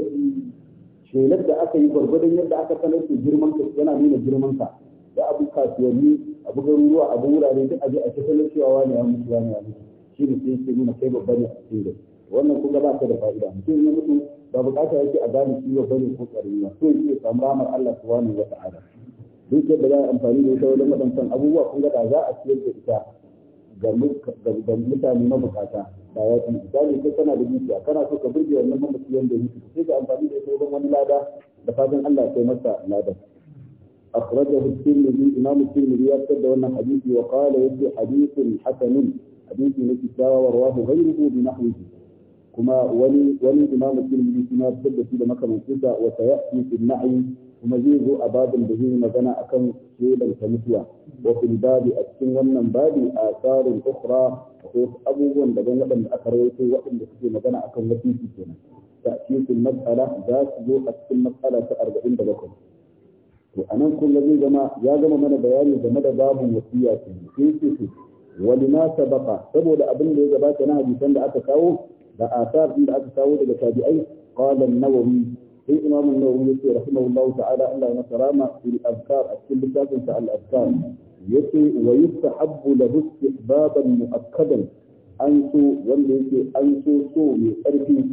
shelar da aka yi gwargwadon yadda aka sanar da girman ka yana nuna girman ka da abu kasuwanni abu garuruwa abu wurare duk aje a ta sanar cewa wani ya mutu wani ya mutu shi ne sai ke nuna kai babba ne a cikin wannan kun ba ta da fa'ida mutum ya mutu ba bukata yake a gane shi babba ne ko karami ba so yake samu ramar Allah subhanahu wa ta'ala duk yadda za a amfani da ita wajen waɗancan abubuwa kun ga za a ciyar da ita ga mutane mabukata ba ya fi misali kai kana da dukiya kana so ka burge wannan mamaki yanda yake sai ka amfani da ita wani lada da fatan Allah ya kai masa ladan أخرجه الترمذي إمام الترمذي يرتد أن حديث وقال يبدو حديث حسن حديث التي ساوى ورواه غيره بنحوه كما ولي ولي إمام الترمذي كما da في مكة من وسيأتي في kuma zai zo a babin da zai magana akan shedan ta mutuwa wa fil babi a cikin wannan babi a tsarin ukhra akwai abubuwan daban waɗanda aka rawaito waɗanda suke magana akan wasiki kenan cikin matsala za su zo a cikin matsala ta 47 to anan kun zai zama ya gama mana bayani game da babin wasiya ce sai ce ce na sabaqa saboda abin da ya gabata na hadisan da aka kawo da asar din da aka kawo daga tabi'ai qala an-nawawi في إمام النووي رحمه الله تعالى أن نقرأ في الأذكار التلبسات في الأذكار يتي ويستحب له استحبابا مؤكدا أن تو أنسو أن تو تو أرفي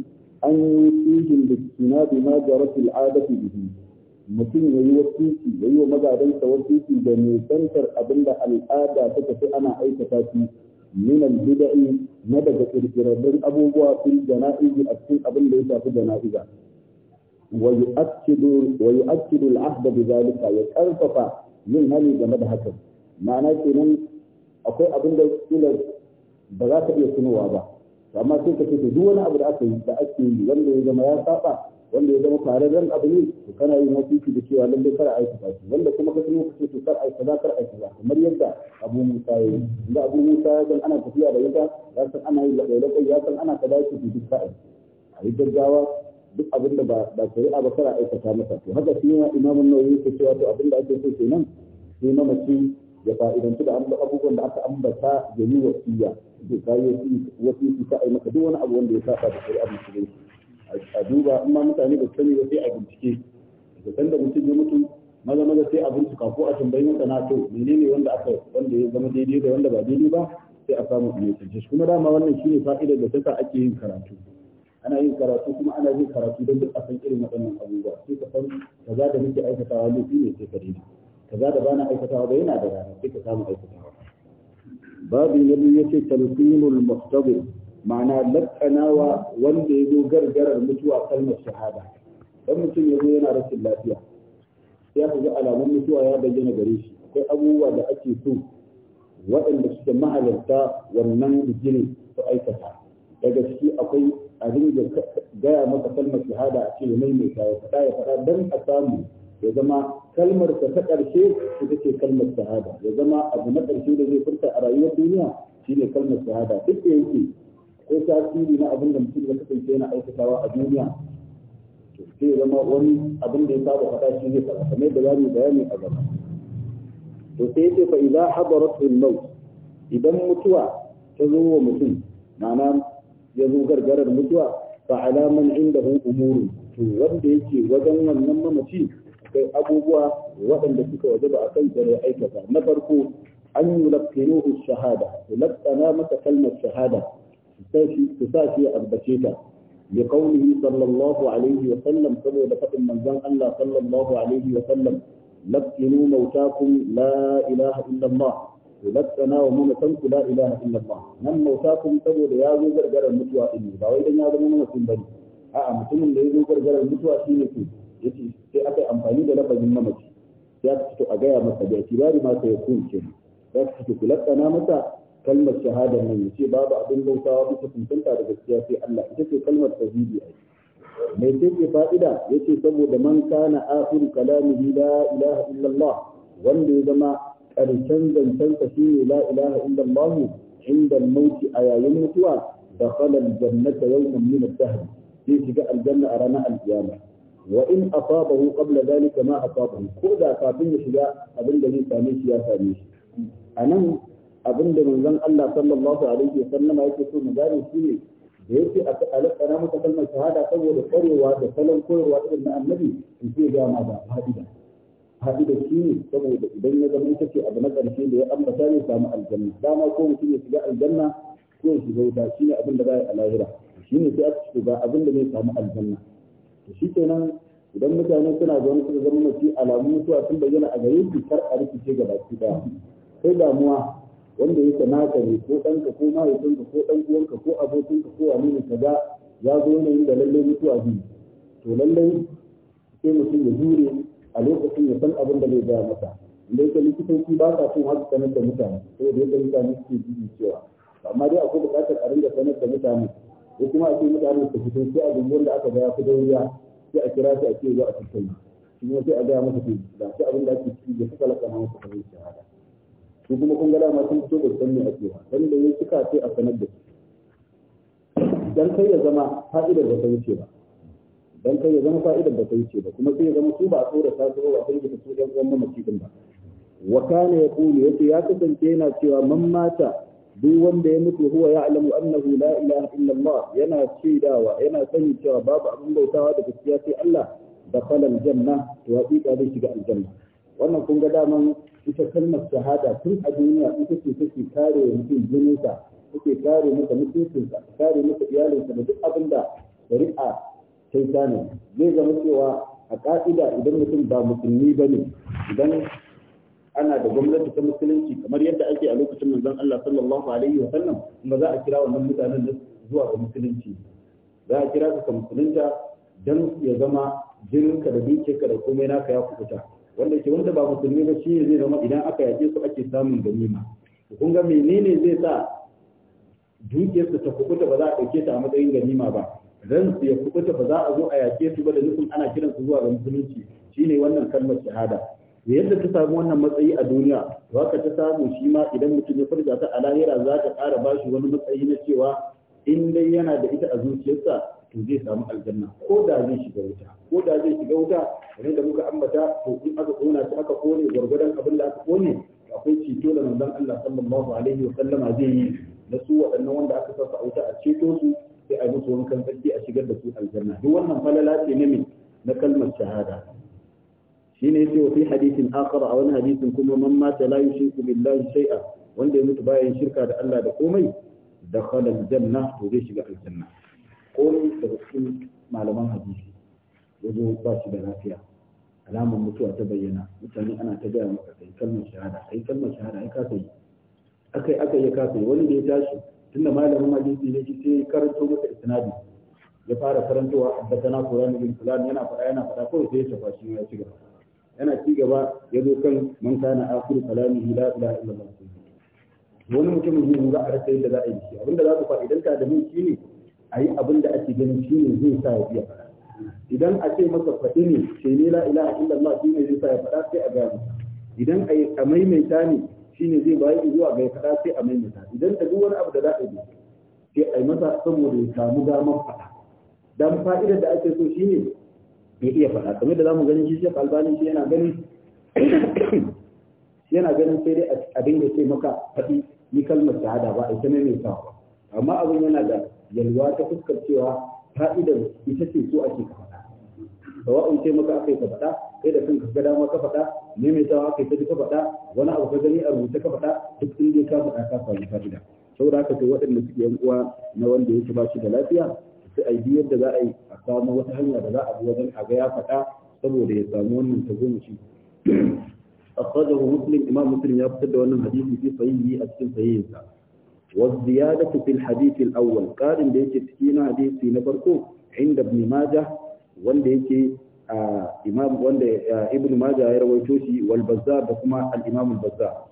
أن يوتيهم باجتناب ما جرت العادة به متين ويوتيتي ويو مدى دي توتيتي بأن يتنفر أبن الآدة تتفئنا أي تفاتي من البدع مدى ذكر كرابين أبو بواقي جنائز أكتن أبن ليس في جنائزة wa yu'akkidu wa yu'akkidu al-ahd bi zalika ya karfafa yin hali game da hakan ma'ana kenan akwai abin da kila ba za ka iya tunowa ba amma sai ka ce duk wani abu da aka yi da ake yi wanda ya zama ya saba wanda ya zama fararran abu ne to kana yin wasiki da cewa lallai kar aikata shi wanda kuma ka tuno kace to kar aikata kar aikata kamar yadda Abu Musa ya yi Musa ya ana tafiya da ita ya san ana yi labai labai ya san ana kaza shi duk sa'i gaggawa duk abin da ba shari'a ba kara aikata masa to haka shi ma imamun nawawi yake cewa to abin da ake so kenan sai mace ya fa'idanci da abubuwan da aka ambata ya yi wasiya zai kayo wasiki ta ai maka duk wani abu wanda ya saba da shari'a musulunci a duba in ma mutane ba sani ba sai a bincike da san da mutum ya mutu maza maza sai a bincika ko a tambayi masa na to menene wanda aka wanda ya zama daidai da wanda ba daidai ba sai a samu a kuma dama wannan shine fa'idar da ta sa ake yin karatu ana yin karatu kuma ana yin karatu don duk a san irin waɗannan abubuwa sai ka san kaza da nake aikatawa laifi ne sai ka daina kaza da bana aikatawa ba yana da rana sai ka samu aikatawa babu na biyu yace talqinul muhtabir ma'ana lakkanawa wanda ya zo gargarar mutuwa kalmar shahada dan mutum ya zo yana rashin lafiya sai ka ga alamun mutuwa ya bayyana gare shi akwai abubuwa da ake so waɗanda suke mahalarta wannan bijirin su aikata daga ciki akwai a dinga gaya masa kalmar shahada a ce mai mai ya da ya faɗa don a samu ya zama kalmar ta ta ƙarshe ita ce kalmar shahada ya zama abu na ƙarshe da zai furta a rayuwar duniya shine kalmar shahada duk da yake ko tasiri na abin da mutum ya kasance yana aikatawa a duniya to sai zama wani abin da ya saba faɗa shi zai fara kamar da zamu bayani a gaba to sai yace fa idza hadarat al idan mutuwa ta zo wa mutum ma'ana ya zo gargarar mutuwa fa alaman inda hun umuru to wanda yake wajen wannan mamaci akwai abubuwa waɗanda suka waje ba a kan da ya aikata na farko an yi lafinuhu shahada ku laftana masa kalmar shahada su sa shi ya ambace ta ya qawlihi sallallahu alaihi wa sallam saboda faɗin manzon Allah sallallahu alaihi wa sallam lafinu la ilaha illallah ولقنا ومن تنك لا إله إلا الله من موتاكم تبو يا ذو غرغر المتوى إني ya zama يا زمن مسلم بني a'a mutumin da ya zo gargarar mutuwa shi ne ku yace sai aka yi amfani da lafazin mamaci ya ka fito a gaya masa da tibari ma sai ku ce ya ka fito kulakana masa kalmar shahada nan yace babu abin bautawa bisa kuntanta da gaskiya sai Allah ita ce kalmar tauhidi ai mai take fa'ida ce saboda man kana akhir kalamihi la ilaha illallah wanda ya zama ƙarshen zancensa shi ne la ilaha illallah inda mauti a yayin mutuwa da khalal jannata yau min ad-dahr zai shiga aljanna a ranar alkiyama wa in asabahu qabla dhalika ma asabahu ko da kafin ya shiga abin da zai same shi ya same shi anan abin da manzon Allah sallallahu alaihi wasallama yake so mu gane shi ne da yake a alƙara mata kalmar shahada saboda kwarewa da salon koyarwa irin na annabi in ce ga ma da fa'ida haɗu da shi ne saboda idan ya zama ita ce abu na ƙarshe da ya ambata ne samu aljanna dama ko mutum ya shiga aljanna ko ya shiga wuta shine abin da za a lahira shi ne sai aka shiga abin da zai samu aljanna to shi kenan idan mutane suna zaune suka zama mace alamu mutuwa sun bayyana a gare su kar a rikice ga baki ɗaya sai damuwa wanda yake naka ne ko ɗanka ko mahaifinka ko ɗan uwanka ko abokinka ko wani ne kaza ya zo yanayin da lallai mutuwa biyu to lallai sai mutum ya jure a lokacin ya san abin da zai gaya masa inda yake likitoci ba sa son haka sanar da mutane saboda yadda mutane suke jiji cewa amma dai akwai buƙatar a ringa sanar da mutane ko kuma a ce mutane su fito sai dubu da aka gaya kudin wuya sai a kira shi a ce zo a tattauna shi ne sai a gaya masa to da shi abin da ake ciki da suka laka na masa kamar shahada ko kuma kun ga dama sun fito da san me ake ba dan da ya suka sai a sanar da su dan kai ya zama fa'idar da ta wuce ba dan kai ya zama fa'idan ba kai ce ba kuma sai ya zama su ba tsora ta su ba sai su ɗan uwan mamaci din ba wa kana yaqulu yace ya kasance yana cewa man mata duk wanda ya mutu huwa ya'lamu annahu la ilaha illa Allah yana cewa yana sani cewa babu abin bautawa da gaskiya sai Allah da falal janna to hakika zai shiga aljanna wannan kun ga daman ita kalmar shahada tun a duniya ita ce take kare mutum jininsa take kare masa mutuncinsa kare masa iyalinsa da duk abin da shari'a sai sani zai zama cewa a ka'ida idan mutum ba musulmi ba ne idan ana da gwamnati ta musulunci kamar yadda ake a lokacin manzon Allah sallallahu alaihi wa sallam kuma za a kira wannan mutanen da zuwa ga musulunci za a kira su ka musulunta dan ya zama jininka da dukiyarka da komai naka ya kubuta wanda ke wanda ba musulmi ba shi zai zama idan aka yaƙe su ake samun ganima kun ga menene zai sa dukiyarsa ta kubuta ba za a ɗauke ta a matsayin ganima ba ransu ya ta ba za a zo a yaƙe su ba da nufin ana kiran su zuwa ga musulunci shine wannan kalmar shahada yadda ta samu wannan matsayi a duniya za ka ta samu shi ma idan mutum ya farga ta a lahira za ka ƙara ba shi wani matsayi na cewa in dai yana da ita a zuciyarsa to zai samu aljanna ko da zai shiga wuta ko da zai shiga wuta da muka ambata to in aka kona ta aka kone gwargwadon abin da aka kone akwai ceto da manzon Allah sallallahu alaihi wa sallama zai yi na su waɗannan wanda aka sasa a wuta a ceto su sai a musu wankan tsarki a shigar da su aljanna duk wannan falala ce ne min na kalmar shahada shine yace wa fi hadithin akhar a wani hadisin kuma man mata la yushriku billahi shay'a wanda ya mutu bayan shirka da Allah da komai dakhala aljanna to zai shiga aljanna komai daga cikin malaman hadisi yazo ba shi da lafiya alamar mutuwa ta bayyana mutane ana ta gaya maka kai kalmar shahada kai kalmar shahada ai ka kai akai akai ya ka kai wani da ya tashi tunda malamin hadisi ne shi sai karanto masa isnadi ya fara karantowa haddathana qurani bin fulan yana fara yana fara kawai sai ya tafi shi ya cigaba yana cigaba ya zo kan man kana akhiru kalami la ilaha illallah wani mutumin zai ga a rasa yadda za a yi shi abinda za ku fa'idanta da mun ne a yi abin da ake ganin ne zai sa ya fara idan a ce masa faɗi ne sai ne la ilaha illallah shine zai sa ya faɗa sai a gano idan a yi maimaita ne shine zai bayi zuwa ga kada sai a maimaita idan da duk wani abu da za a yi sai a yi masa saboda ya samu damar faɗa dan fa'idar da ake so shine ya iya faɗa kamar da zamu gani shi Sheikh Albani shi yana ganin yana ganin sai dai a dinga sai maka faɗi ni kalmar shahada ba a ita ne mai sa amma abin yana da yalwa ta fuskar cewa fa'idar ita ce so ake ka faɗa sawa'un sai maka aka ka faɗa kai da kanka ga dama ka faɗa maimaitawa kai ta ji ka faɗa wani abu ka gani a rubuce ka faɗa duk in dai ka faɗa ka samu fa'ida saboda haka sai waɗanda suke yan uwa na wanda yake ba shi da lafiya sai a yi yadda za a yi a samu wata hanya da za a bi wajen a ga ya faɗa saboda ya samu wannan tagomashi أخرجه مسلم إمام مسلم يقصد أن الحديث في صحيحه أسكن صحيحه والزيادة في الحديث الأول قال إن ديك تكينا حديث في نفركو عند ابن ماجه وان ديك imam wanda ibn majah ya rawaito shi wal bazzar da kuma al imam al bazzar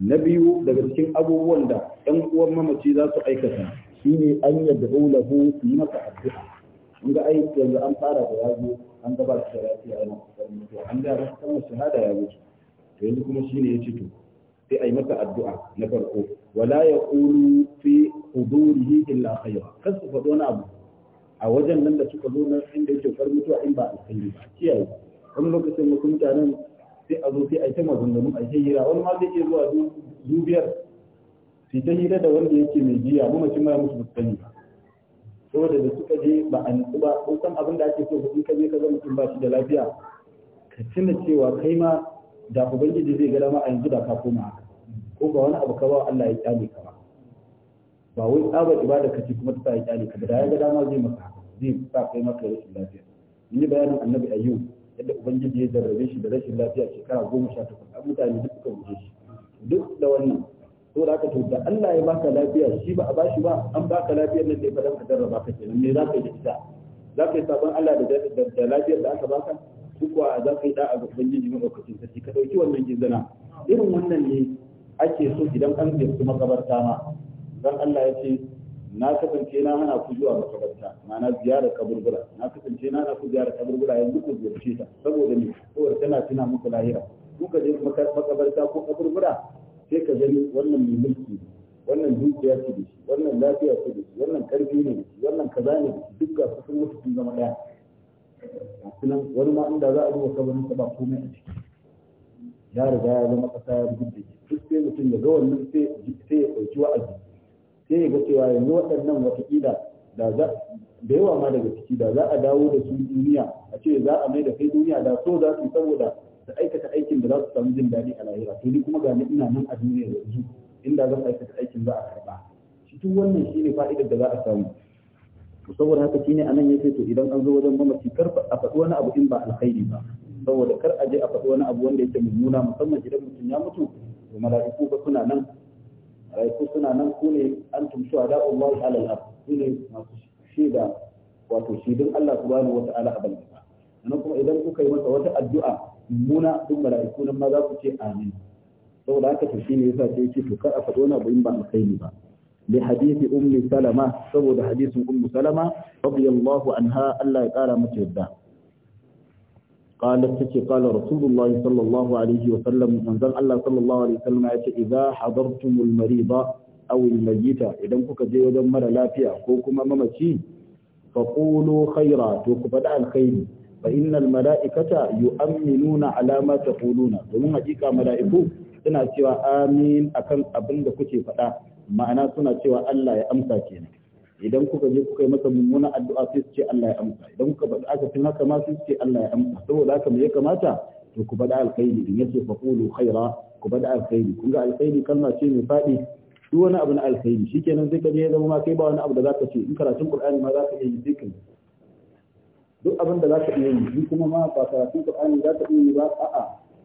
na biyu daga cikin abubuwan da ɗan uwan mamaci za su aikata shine an yadda ulahu su yi masa addu'a kun ga ai yanzu an fara da yazo an gabata shi da lafiya yana kokarin an ga ba san shahada ya wuce to yanzu kuma shine ya ce to sai ai masa addu'a na farko wala yaqulu fi hudurihi illa khayra kasu faɗo na abu a wajen nan da suka zo nan inda yake kar mutuwa in ba alkhairi ba kiyaye wani lokacin mutum mutanen sai a zo sai a yi ta maganganu a ta hira wani ma zai iya zuwa dubiyar sai ta hira da wanda yake mai jiya mamacin ma ya mutu mutane ba saboda da suka je ba a nutsu ba kun san abin da ake so in ka je ka zama mutum ba shi da lafiya ka tuna cewa kai ma da ubangiji zai ga dama a yanzu da ka koma haka ko ba wani abu ka ba Allah ya kyale ka ba ba wai tsabar ibada kace kuma ta ya kyale ka da ya ga dama zai maka din sa kai maka rashin lafiya in yi bayanin annabi ayyub yadda ubangiji ya jarrabe shi da rashin lafiya shekara goma sha takwas a mutane duk suka guje shi duk da wannan to da aka tuta Allah ya baka lafiya shi ba a bashi ba an baka lafiyar nan da ya ka jarraba ka kenan me za ka yi da ita za ka yi sabon Allah da lafiyar da aka baka kuwa za ka yi da'a ga ubangiji maɗaukacin sarki ka ɗauki wannan gizana irin wannan ne ake so idan an ziyarci makabarta ma dan Allah ya ce na kasance na hana ku zuwa makabarta ma'ana ziyarar kaburbura na kasance na hana ku ziyarar kaburbura yanzu ku ziyarce ta saboda ne saboda tana tuna muku lahira ku ka je makabarta ko kaburbura sai ka gani wannan mai mulki wannan dukiya ce da shi wannan lafiya ce da shi wannan karfi ne da shi wannan kaza ne da shi duk ga sun mutu sun zama ɗaya sunan wani ma inda za a duba kabarin ba komai a ciki ya riga ya zama ƙasa ya rubuta duk sai mutum ya ga wannan sai ya ɗauki wa'azi sai ya ga cewa yanzu waɗannan watakila da za da yawa ma daga ciki da za a dawo da su duniya a ce za a mai da kai duniya da so za su saboda su aikata aikin da za su samu jin daɗi a lahira to ni kuma ga ni ina nan a duniya yanzu inda zan aikata aikin za a karɓa cikin wannan shi shine fa'idar da za a samu saboda haka ne shine ya yake to idan an zo wajen mamaci kar a faɗi wani abu in ba alkhairi ba saboda kar a je a faɗi wani abu wanda yake mummuna musamman idan mutum ya mutu to mala'iku ba suna nan raiku suna nan ku ne an tumshu a da'un ma'a alal ab ku ne masu shaida wato shidin Allah subhanahu wa ta'ala a balgata sannan kuma idan kuka yi masa wata addu'a muna duk mala'iku nan ma za ku ce amin saboda haka to shine yasa sai yake to kar a faɗo na bayin ba ni ba li hadisi ummi salama saboda hadisin ummu salama radiyallahu anha Allah ya kara mata yadda قالت تكي قال رسول الله صلى الله عليه وسلم من ذن الله صلى الله عليه وسلم يأتي إذا حضرتم المريض أو الميت إذا كنت جيو دمر لا فيها كوكما ممشي فقولوا خيرا توقفت على الخير فإن الملائكة يؤمنون على ما تقولون ومن أجيك ملائكو سنة سوى آمين أكن أبن كتي فتا معنى سنة سوى ألا يأمسا كينا idan kuka je kuka yi masa mummunan addu'a sai su ce Allah ya amsa idan kuka faɗi aka tun haka ma sai su ce Allah ya amsa saboda haka me ya kamata to ku faɗa alkhairi in yace faqulu khaira ku faɗa alkhairi kun ga alkhairi kalma ce mai faɗi duk wani abu na alkhairi shikenan sai ka je ya zama ma kai ba wani abu da zaka ce in karatun Qur'ani ma zaka iya yi sai duk abin da zaka iya yi kuma ma ba karatun Qur'ani zaka iya yi ba a'a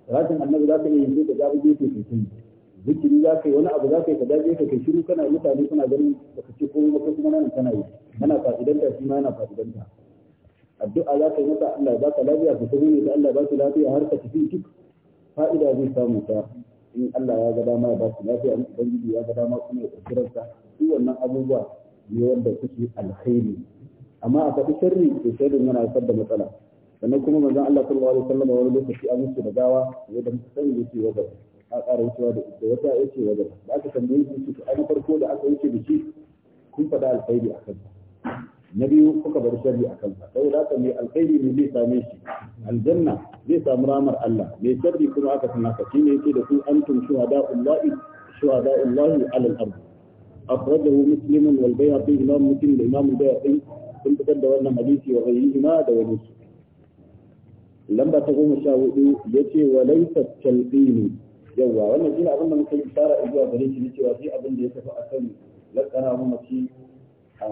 karatun Annabi zaka iya yi sai ka ga abin da yake kai zikiri za ka yi wani abu za ka yi ka dace ka kai shiru kana mutane suna ganin da ka ce komai ba ko kuma nan kana yi kana fa'idanta shi ma yana fa'idanta addu'a za ka yi masa Allah ya baka lafiya ka tafi ne da Allah ya baka lafiya har ka tafi duk fa'ida zai samu ta in Allah ya ga dama ya baka lafiya in ubangiji ya ga dama kuma ya ɗauki ranka duk wannan abubuwa ne wanda kuke alkhairi amma a faɗi sharri to sharrin yana haifar da matsala sannan kuma manzon Allah sallallahu alaihi wasallam wani lokaci an musu da gawa yadda muka sani yake wa gaba a ƙara wucewa da wata ya ce wajen da aka tambayi su su ai farko da aka wuce da shi kun faɗa alkhairi a kansa na biyu kuka bar sharri a kansa saboda haka mai alkhairi ne zai same shi aljanna zai samu ramar Allah mai sharri kuma aka san haka shine yake da ku antum shuhada'ullahi shuhada'ullahi alal ard akhrajahu muslimun wal bayhaqi imam muslim da imam bayhaqi sun fitar da wannan hadisi wa ghayrihima da wani lamba ta goma sha hudu yace wa laysa talqini yawwa wannan shine abin da muka yi tsara zuwa gare shi ne cewa shi abin da ya tafi a kan lakana mu mace a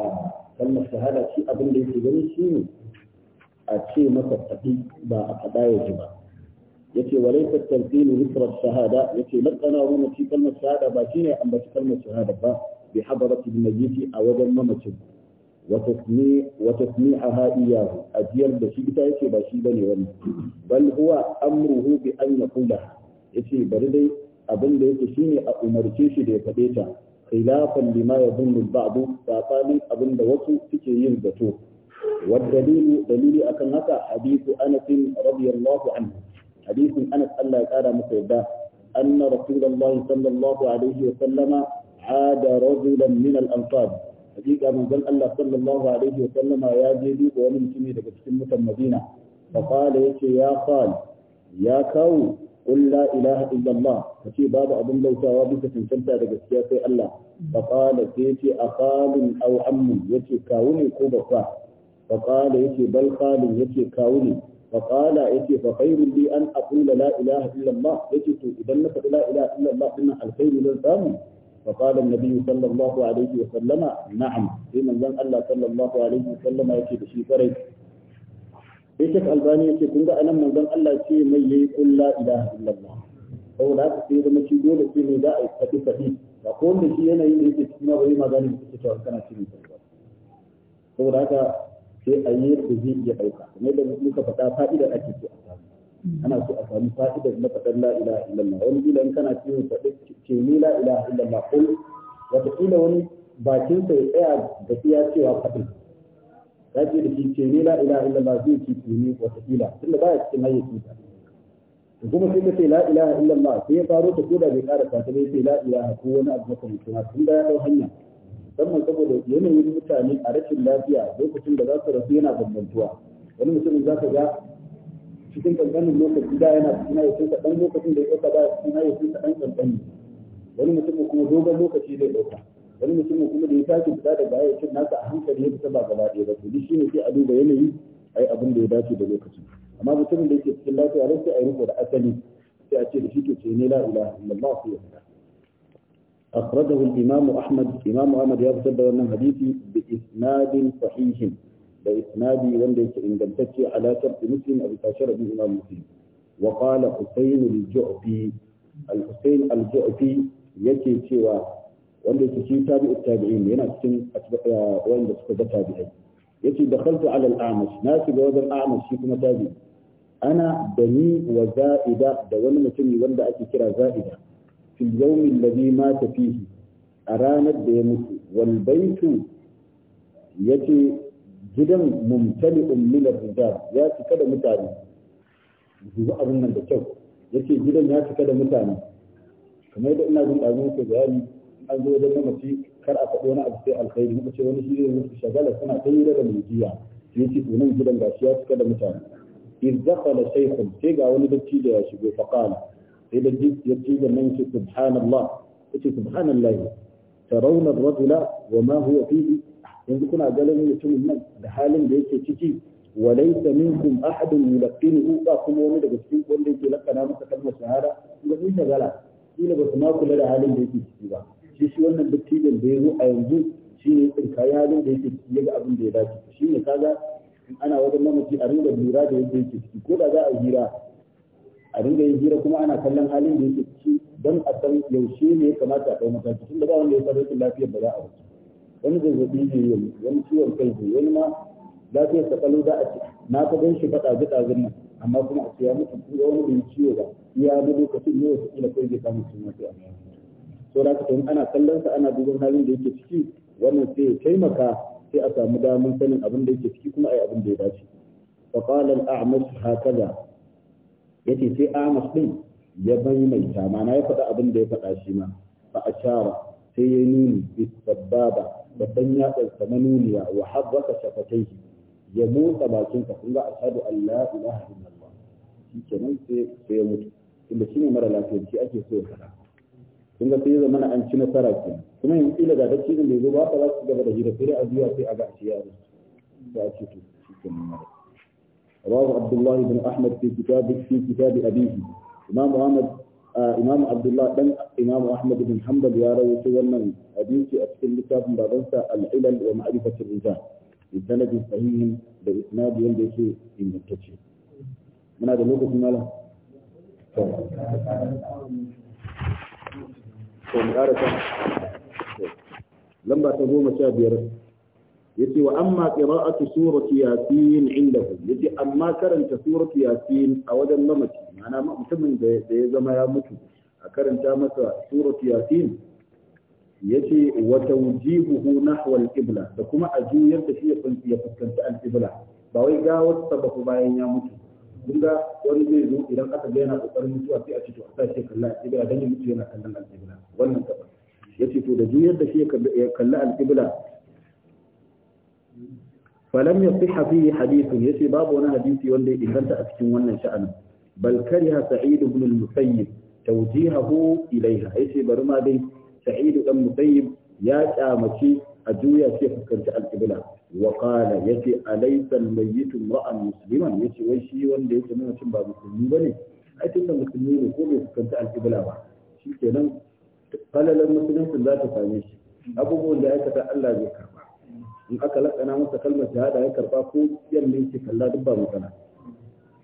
kalmar shahada shi abin da yake gani shi ne a ce masa tafi ba a faɗa ya ji ba Ya ce wa laysa ne dhikra shahada ya yace lakana mu mace kalmar shahada ba shi shine ambaci kalmar shahada ba bi hadarati al-mayyit a wajen mamacin a ajiyar da shi وتسميعها إياه ba بشيء تأتي Wani بني بل هو أمره بأن يقولها yace bari dai abin da yake shine a umarce shi da ya faɗe ta khilafan lima yadhunnu ba'du tsakanin abin da wasu suke yin zato والدليل دليل أكن هكا حديث أنس رضي الله عنه حديث أنس ألا يقال مسيدا أن رسول الله صلى الله عليه وسلم عاد رجلا من الأنصار حقيقة من ذن الله صلى الله عليه وسلم يا جدي ومن تمي لك المدينة فقال يا خال يا كاو قل لا إله إلا الله فشي باب أبن لو توابك تنسلت هذا في الله فقال تيتي أخال أو عم يتي كاوني كوبا فقال يتي بل خال يتي كاوني فقال يتي فخير لي أن أقول لا إله إلا الله يتي تو إذا نفت لا إله إلا الله إن الخير للفهم فقال النبي صلى الله عليه وسلم نعم في من ذن الله صلى الله عليه وسلم يتي بشي فريق sai shek albani ya ce kun ga anan manzon Allah ce mai yayi qul la ilaha illallah saboda haka sai zama shi dole sai ne za a yi fadi fadi ba ko wanda shi yanayi da yake cikin bai ma gani da kuke cewa kana cikin ba saboda haka sai a yi da zai iya ɗauka kamar da muka faɗa fa'idar ake so a samu ana so a sami fa'idar na faɗar la ilaha illallah wani bila in kana cikin faɗi ce ni la ilaha illallah kul wataƙila wani bakinsa ya tsaya da iya cewa faɗin ya ce da shi ce ni la ilaha illallah zai ci tuni wata kila tunda baya cikin hayyaci ta kuma sai ka ce la ilaha illallah sai ya faro ta koda bai kara ta bai ce la ilaha ko wani abu makamancin haka tunda ya dau hanya musamman saboda yanayin mutane a rashin lafiya lokacin da za su rasu yana bambantuwa wani mutumin za ka ga cikin kankanin lokaci da yana cikin ta dan lokacin da ya ɗauka ba cikin ta dan kankani wani mutumin kuma dogon lokaci zai ɗauka wani mutum kuma da ya tashi fita da baya cin nasa a hankali ya fita ba gaba ɗaya ba to shi ne sai a duba yanayi a yi abin da ya dace da lokacin amma mutumin da yake cikin lafiya rai sai a yi riko da asali sai a ce da shi ke ce ne la ilaha illallah sai ya fita أخرجه الإمام أحمد إمام أحمد يرسل da حديث بإسناد صحيح بإسناد وليس إن لم تشي على شرط مسلم أو تشرع الإمام مسلم وقال حسين الجعفي الحسين الجعفي يكي سوى wanda yake shi tabi'u tabi'in yana cikin eh, wanda suka ga tabi'ai yace dakhaltu ala al-a'mash na shiga wajen a'mash shi kuma tabi'i ana da ni wa za'ida da wani mutumi wanda ake kira za'ida fil yawmi alladhi mata fihi a ranar da ya mutu wal baitu yace gidan mumtali'un min ar-rijal ya cika da mutane duba abin nan da kyau yace gidan ya cika da mutane kamar da ina jin ɗazu muke bayani an zo wajen mamaci kar a faɗo wani abu sai alkhairi muka ce wani shirin ne musu shagala suna ta yi daga mujiya sai yake tunan gidan gashi ya cika da mutane in dakhala shaykhun sai ga wani bacci da ya shigo fa qala sai da ya ce da nan ce subhanallah yace subhanallahi tarawna ar-rajula wa ma huwa fihi yanzu kuna ganin mutumin nan da halin da yake ciki وليس منكم احد يلقنه ba kuma wani daga cikin wanda yake lakana masa kalmar shahada kuma sun shagala kila ba su ma kula da halin da yake ciki shi shi wannan dattijan da ya zo a yanzu shi ne tsirka yaron da yake ciki ga abin da ya dace shi ne kaga in ana wajen mamaci a ringa lura da yadda yake ciki ko da za a hira a ringa yin hira kuma ana kallon halin da yake ciki don a san yaushe ne ya kamata a ɗau mataki tun da ba wanda ya fara rashin lafiyar da za a wuce wani zazzaɓi ne yau wani ciwon kai ne wani ma lafiyar ta kalau za a ce na ta gan shi faɗa zuƙa zunnan amma kuma a ce ya mutu ko wani bai ciwo ba iya na lokacin ne wata kila kai zai samu cin kai a to da kuma ana kallon sa ana duban halin da yake ciki wannan sai ya taimaka sai a samu damar sanin abin da yake ciki kuma ai abin da ya dace fa qala al a'mash hakaza yace sai a'mash din ya maimaita mana ya faɗa abin da ya faɗa shi ma fa ashara sai ya nuni bi sababa babban yatsa manuniya wa habbaka shafataihi ya motsa bakin ka kun ga ashhadu an la ilaha illallah shi kenan sai sai ya mutu inda shine mara lafiya shi ake so ya faɗa kun ga sai ya zama an ci nasara ke kuma yanzu kila da ta cizon bai zo ba ta za su gaba da hira sai a zuwa sai a ga shi yaro da a ce to shi ke nan mara rawu abdullahi bin ahmad fi kitabi fi kitabi abihi imam ahmad imam abdullahi dan imam ahmad bin hanbal ya rawaito wannan hadisi a cikin littafin babansa al-ilal wa ma'rifatul rijal bi sanadin sahihin da isnadi wanda yake ingantacce muna da lokacin malam to lamba ta goma sha biyar yace wa amma qira'atu surati yasin indahu yace amma karanta surati yasin a wajen mamaci ma'ana mutumin da ya zama ya mutu a karanta masa surati yasin yace wa tawjihuhu nahwa al-qibla da kuma a juyar da shi ya fuskanci al-qibla ba wai ga sababu bayan ya mutu kun ga wani zai zo idan aka ga yana kokarin mutuwa sai a ce to a sa kalla alƙibla dan ya yana kallon alƙibla wannan gaba yace to da juyar da shi ya kalla alƙibla falam yasiha fihi hadithun yace babu wani hadisi wanda ya inganta a cikin wannan sha'anin bal kariha sa'id ibn al-musayyib tawjihahu ilaiha yace bari ma dai sa'id ibn musayyib ya kyamaci a juya shi fuskanci alƙibla وقال يتي أليس الميت امرأ مسلما يتي ويشي وان ليس من وشن باب مسلمين بني أي تنى مسلمين وقوم يسكنت على القبلة بعد شي كلام قال للمسلمين لا da أبو بول لأيك تألا karba in aka lakana masa kalma shahada ya karba ko yammin ce kalla duk ba matsala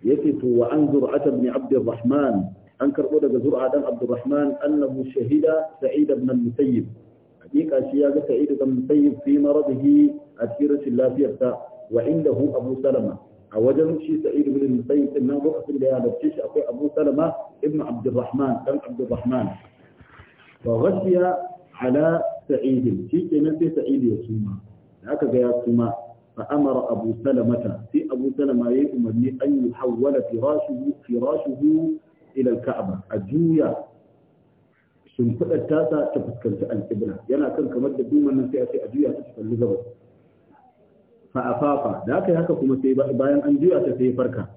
yake to wa an zur'ata ibn abdurrahman an karbo daga zur'a dan abdurrahman annahu shahida sa'id ibn musayyib hakika shi ya ga sa'id ibn musayyib fi maradihi a cikin rashin lafiyarsa wa inda abu salama a wajen shi sa'id ibn musayyib din nan lokacin da ya halarce shi akwai abu salama ibn abdurrahman dan abdurrahman wa ghashiya ala sa'id shi kenan sai sa'id ya suma da aka ga ya suma فأمر أبو سلمة في أبو سلمة يؤمن أن يحول فراشه فراشه إلى الكعبة أجويا shimfiɗar tasa ta fuskanci alƙibla yana kan kamar da duman nan sai a ce a juya ta kalli gabas fa afafa da haka haka kuma sai bayan an juya ta sai farka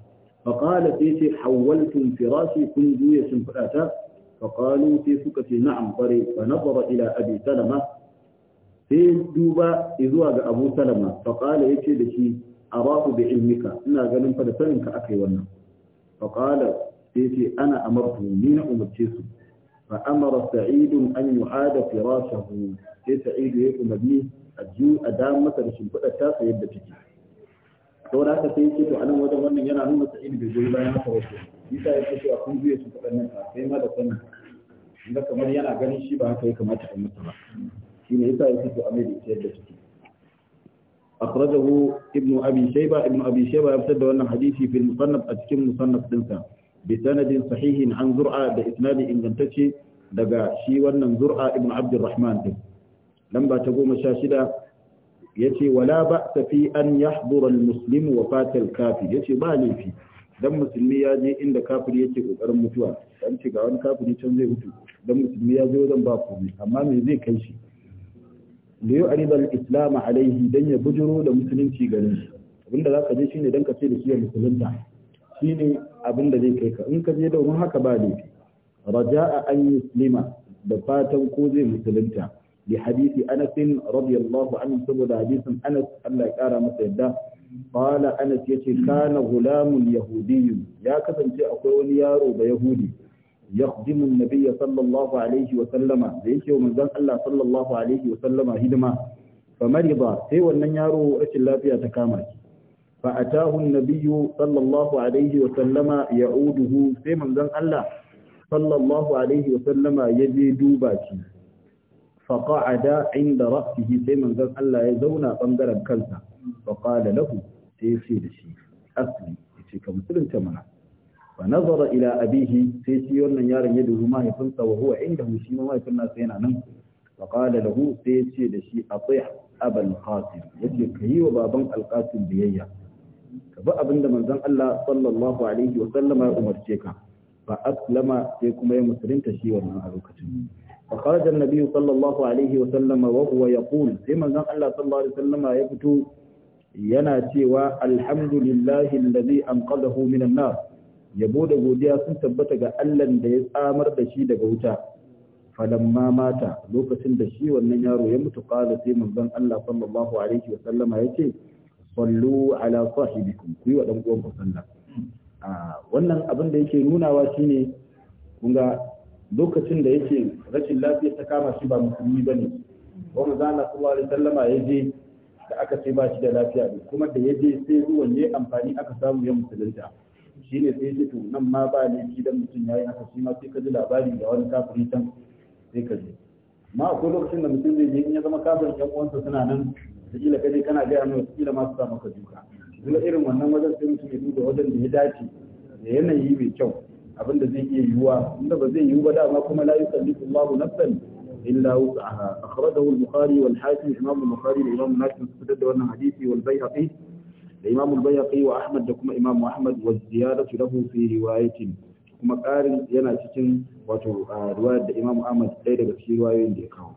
fa qala sai ce hawaltum firashi kun juya shimfiɗa ta fa qalu sai suka ce na'am qari fa nazara ila abi salama sai duba zuwa ga abu salama fa qala yace da shi arafu bi ilmika ina ganin fa da saninka akai wannan fa qala sai ce ana amartu ni na umarce su فأمر سعيد أن يعاد فراشه sai sa'idu ya umarni a jiyu a damar da shimfiɗar tasa yadda sai ce to a nan wajen wannan yana nuna sa'idu bai goyi bayan haka wasu isa ya ce to a kun juya shimfiɗar nan a sai ma da sanin inda kamar yana ganin shi ba haka ya kamata a masa ba shi ne isa ya ce to a mai da ita yadda take أخرجه ابن أبي شيبة ابن أبي شيبة يبتدى أن حديثي في المصنف أتكم مصنف دنسا Bisanadin sanadin sahihin an zur'a da isnadi ingantacce daga shi wannan zur'a ibn abdurrahman din lamba ta goma sha shida yace wala ba'sa fi an yahdura Musulmi wa wafat kafi. kafir yace ba laifi dan musulmi ya je inda kafiri yake kokarin mutuwa dan ce ga wani kafiri can zai mutu dan musulmi ya zo zan ba komai amma me zai kai shi da yi aribar islam alaihi dan ya bujiro da musulunci garin shi abinda za ka je shine dan ka ce da shi ya musulunta shine abin da zai kai ka in ka je domin haka ba laifi raja'a an yuslima da fatan ko zai musulunta li hadisi Anas radiyallahu anhu saboda hadisin Anas Allah ya kara masa yadda qala Anas yace kana gulamun yahudiyyu ya kasance akwai wani yaro da yahudi يخدم النبي صلى الله عليه وسلم ذيك يوم allah sallallahu alaihi wa sallama hidima هدما فمرض sai wannan yaro rashin lafiya ta kama shi فأتاه النبي صلى الله عليه وسلم يعوده في منزل الله صلى الله عليه وسلم يجي دوباكي فقعد عند رأسه في منزل الله يزونا بنجر كلسا فقال له سيسي لشي أسلم يشيك مسلم تمنا فنظر إلى أبيه سيسي ولن يارن يده ما يفنس وهو عنده شيء ما يفنس ينعنه فقال له سيسي لشي أطيح أبا القاسم يجي كهي وبابا القاسم بيئة ka bi abin da manzon Allah sallallahu alaihi wa sallama ya umarce ka fa aslama sai kuma ya musulunta shi wannan a lokacin fa kharaja annabi sallallahu alaihi wa sallama wa huwa yaqul sai manzon Allah sallallahu alaihi wa sallama ya fito yana cewa alhamdulillahi alladhi anqadahu minan nar yabo da godiya sun tabbata ga Allah da ya tsamar da shi daga wuta falamma mata lokacin da shi wannan yaro ya mutu qala sai manzon Allah sallallahu alaihi wa sallama yace sallu ala sahibikum ku yi wa dan uwanku sallah wannan abin da yake nunawa shine kun ga lokacin da yake rashin lafiya ta kama shi ba musulmi bane wanda zana sallallahu alaihi wasallama yaje da aka ce ba shi da lafiya ne kuma da yaje sai ruwan ya amfani aka samu ya musulunta shine sai ce to nan ma ba ne shi dan mutum yayi haka shi ma sai ka ji labari da wani kafiri can sai ka ji ma akwai lokacin da mutum zai je in ya zama kafirin yan uwansa suna nan kila kaje kana gaya mai kila masu su sa maka duka dole irin wannan wajen sai mutum ya duba wajen da ya dace da yanayi mai kyau abin da zai iya yiwuwa inda ba zai yiwu ba dama kuma la yukallifu Allahu nafsan illa wus'aha akhrajahu al-bukhari wal hakim imam al-bukhari da imam nasim su da wannan hadisi wal bayhaqi da imam al-bayhaqi wa ahmad da kuma imam ahmad wa ziyadatu lahu fi riwayatin kuma ƙarin yana cikin wato riwayar da imam ahmad ɗaya daga cikin riwayoyin da ya kawo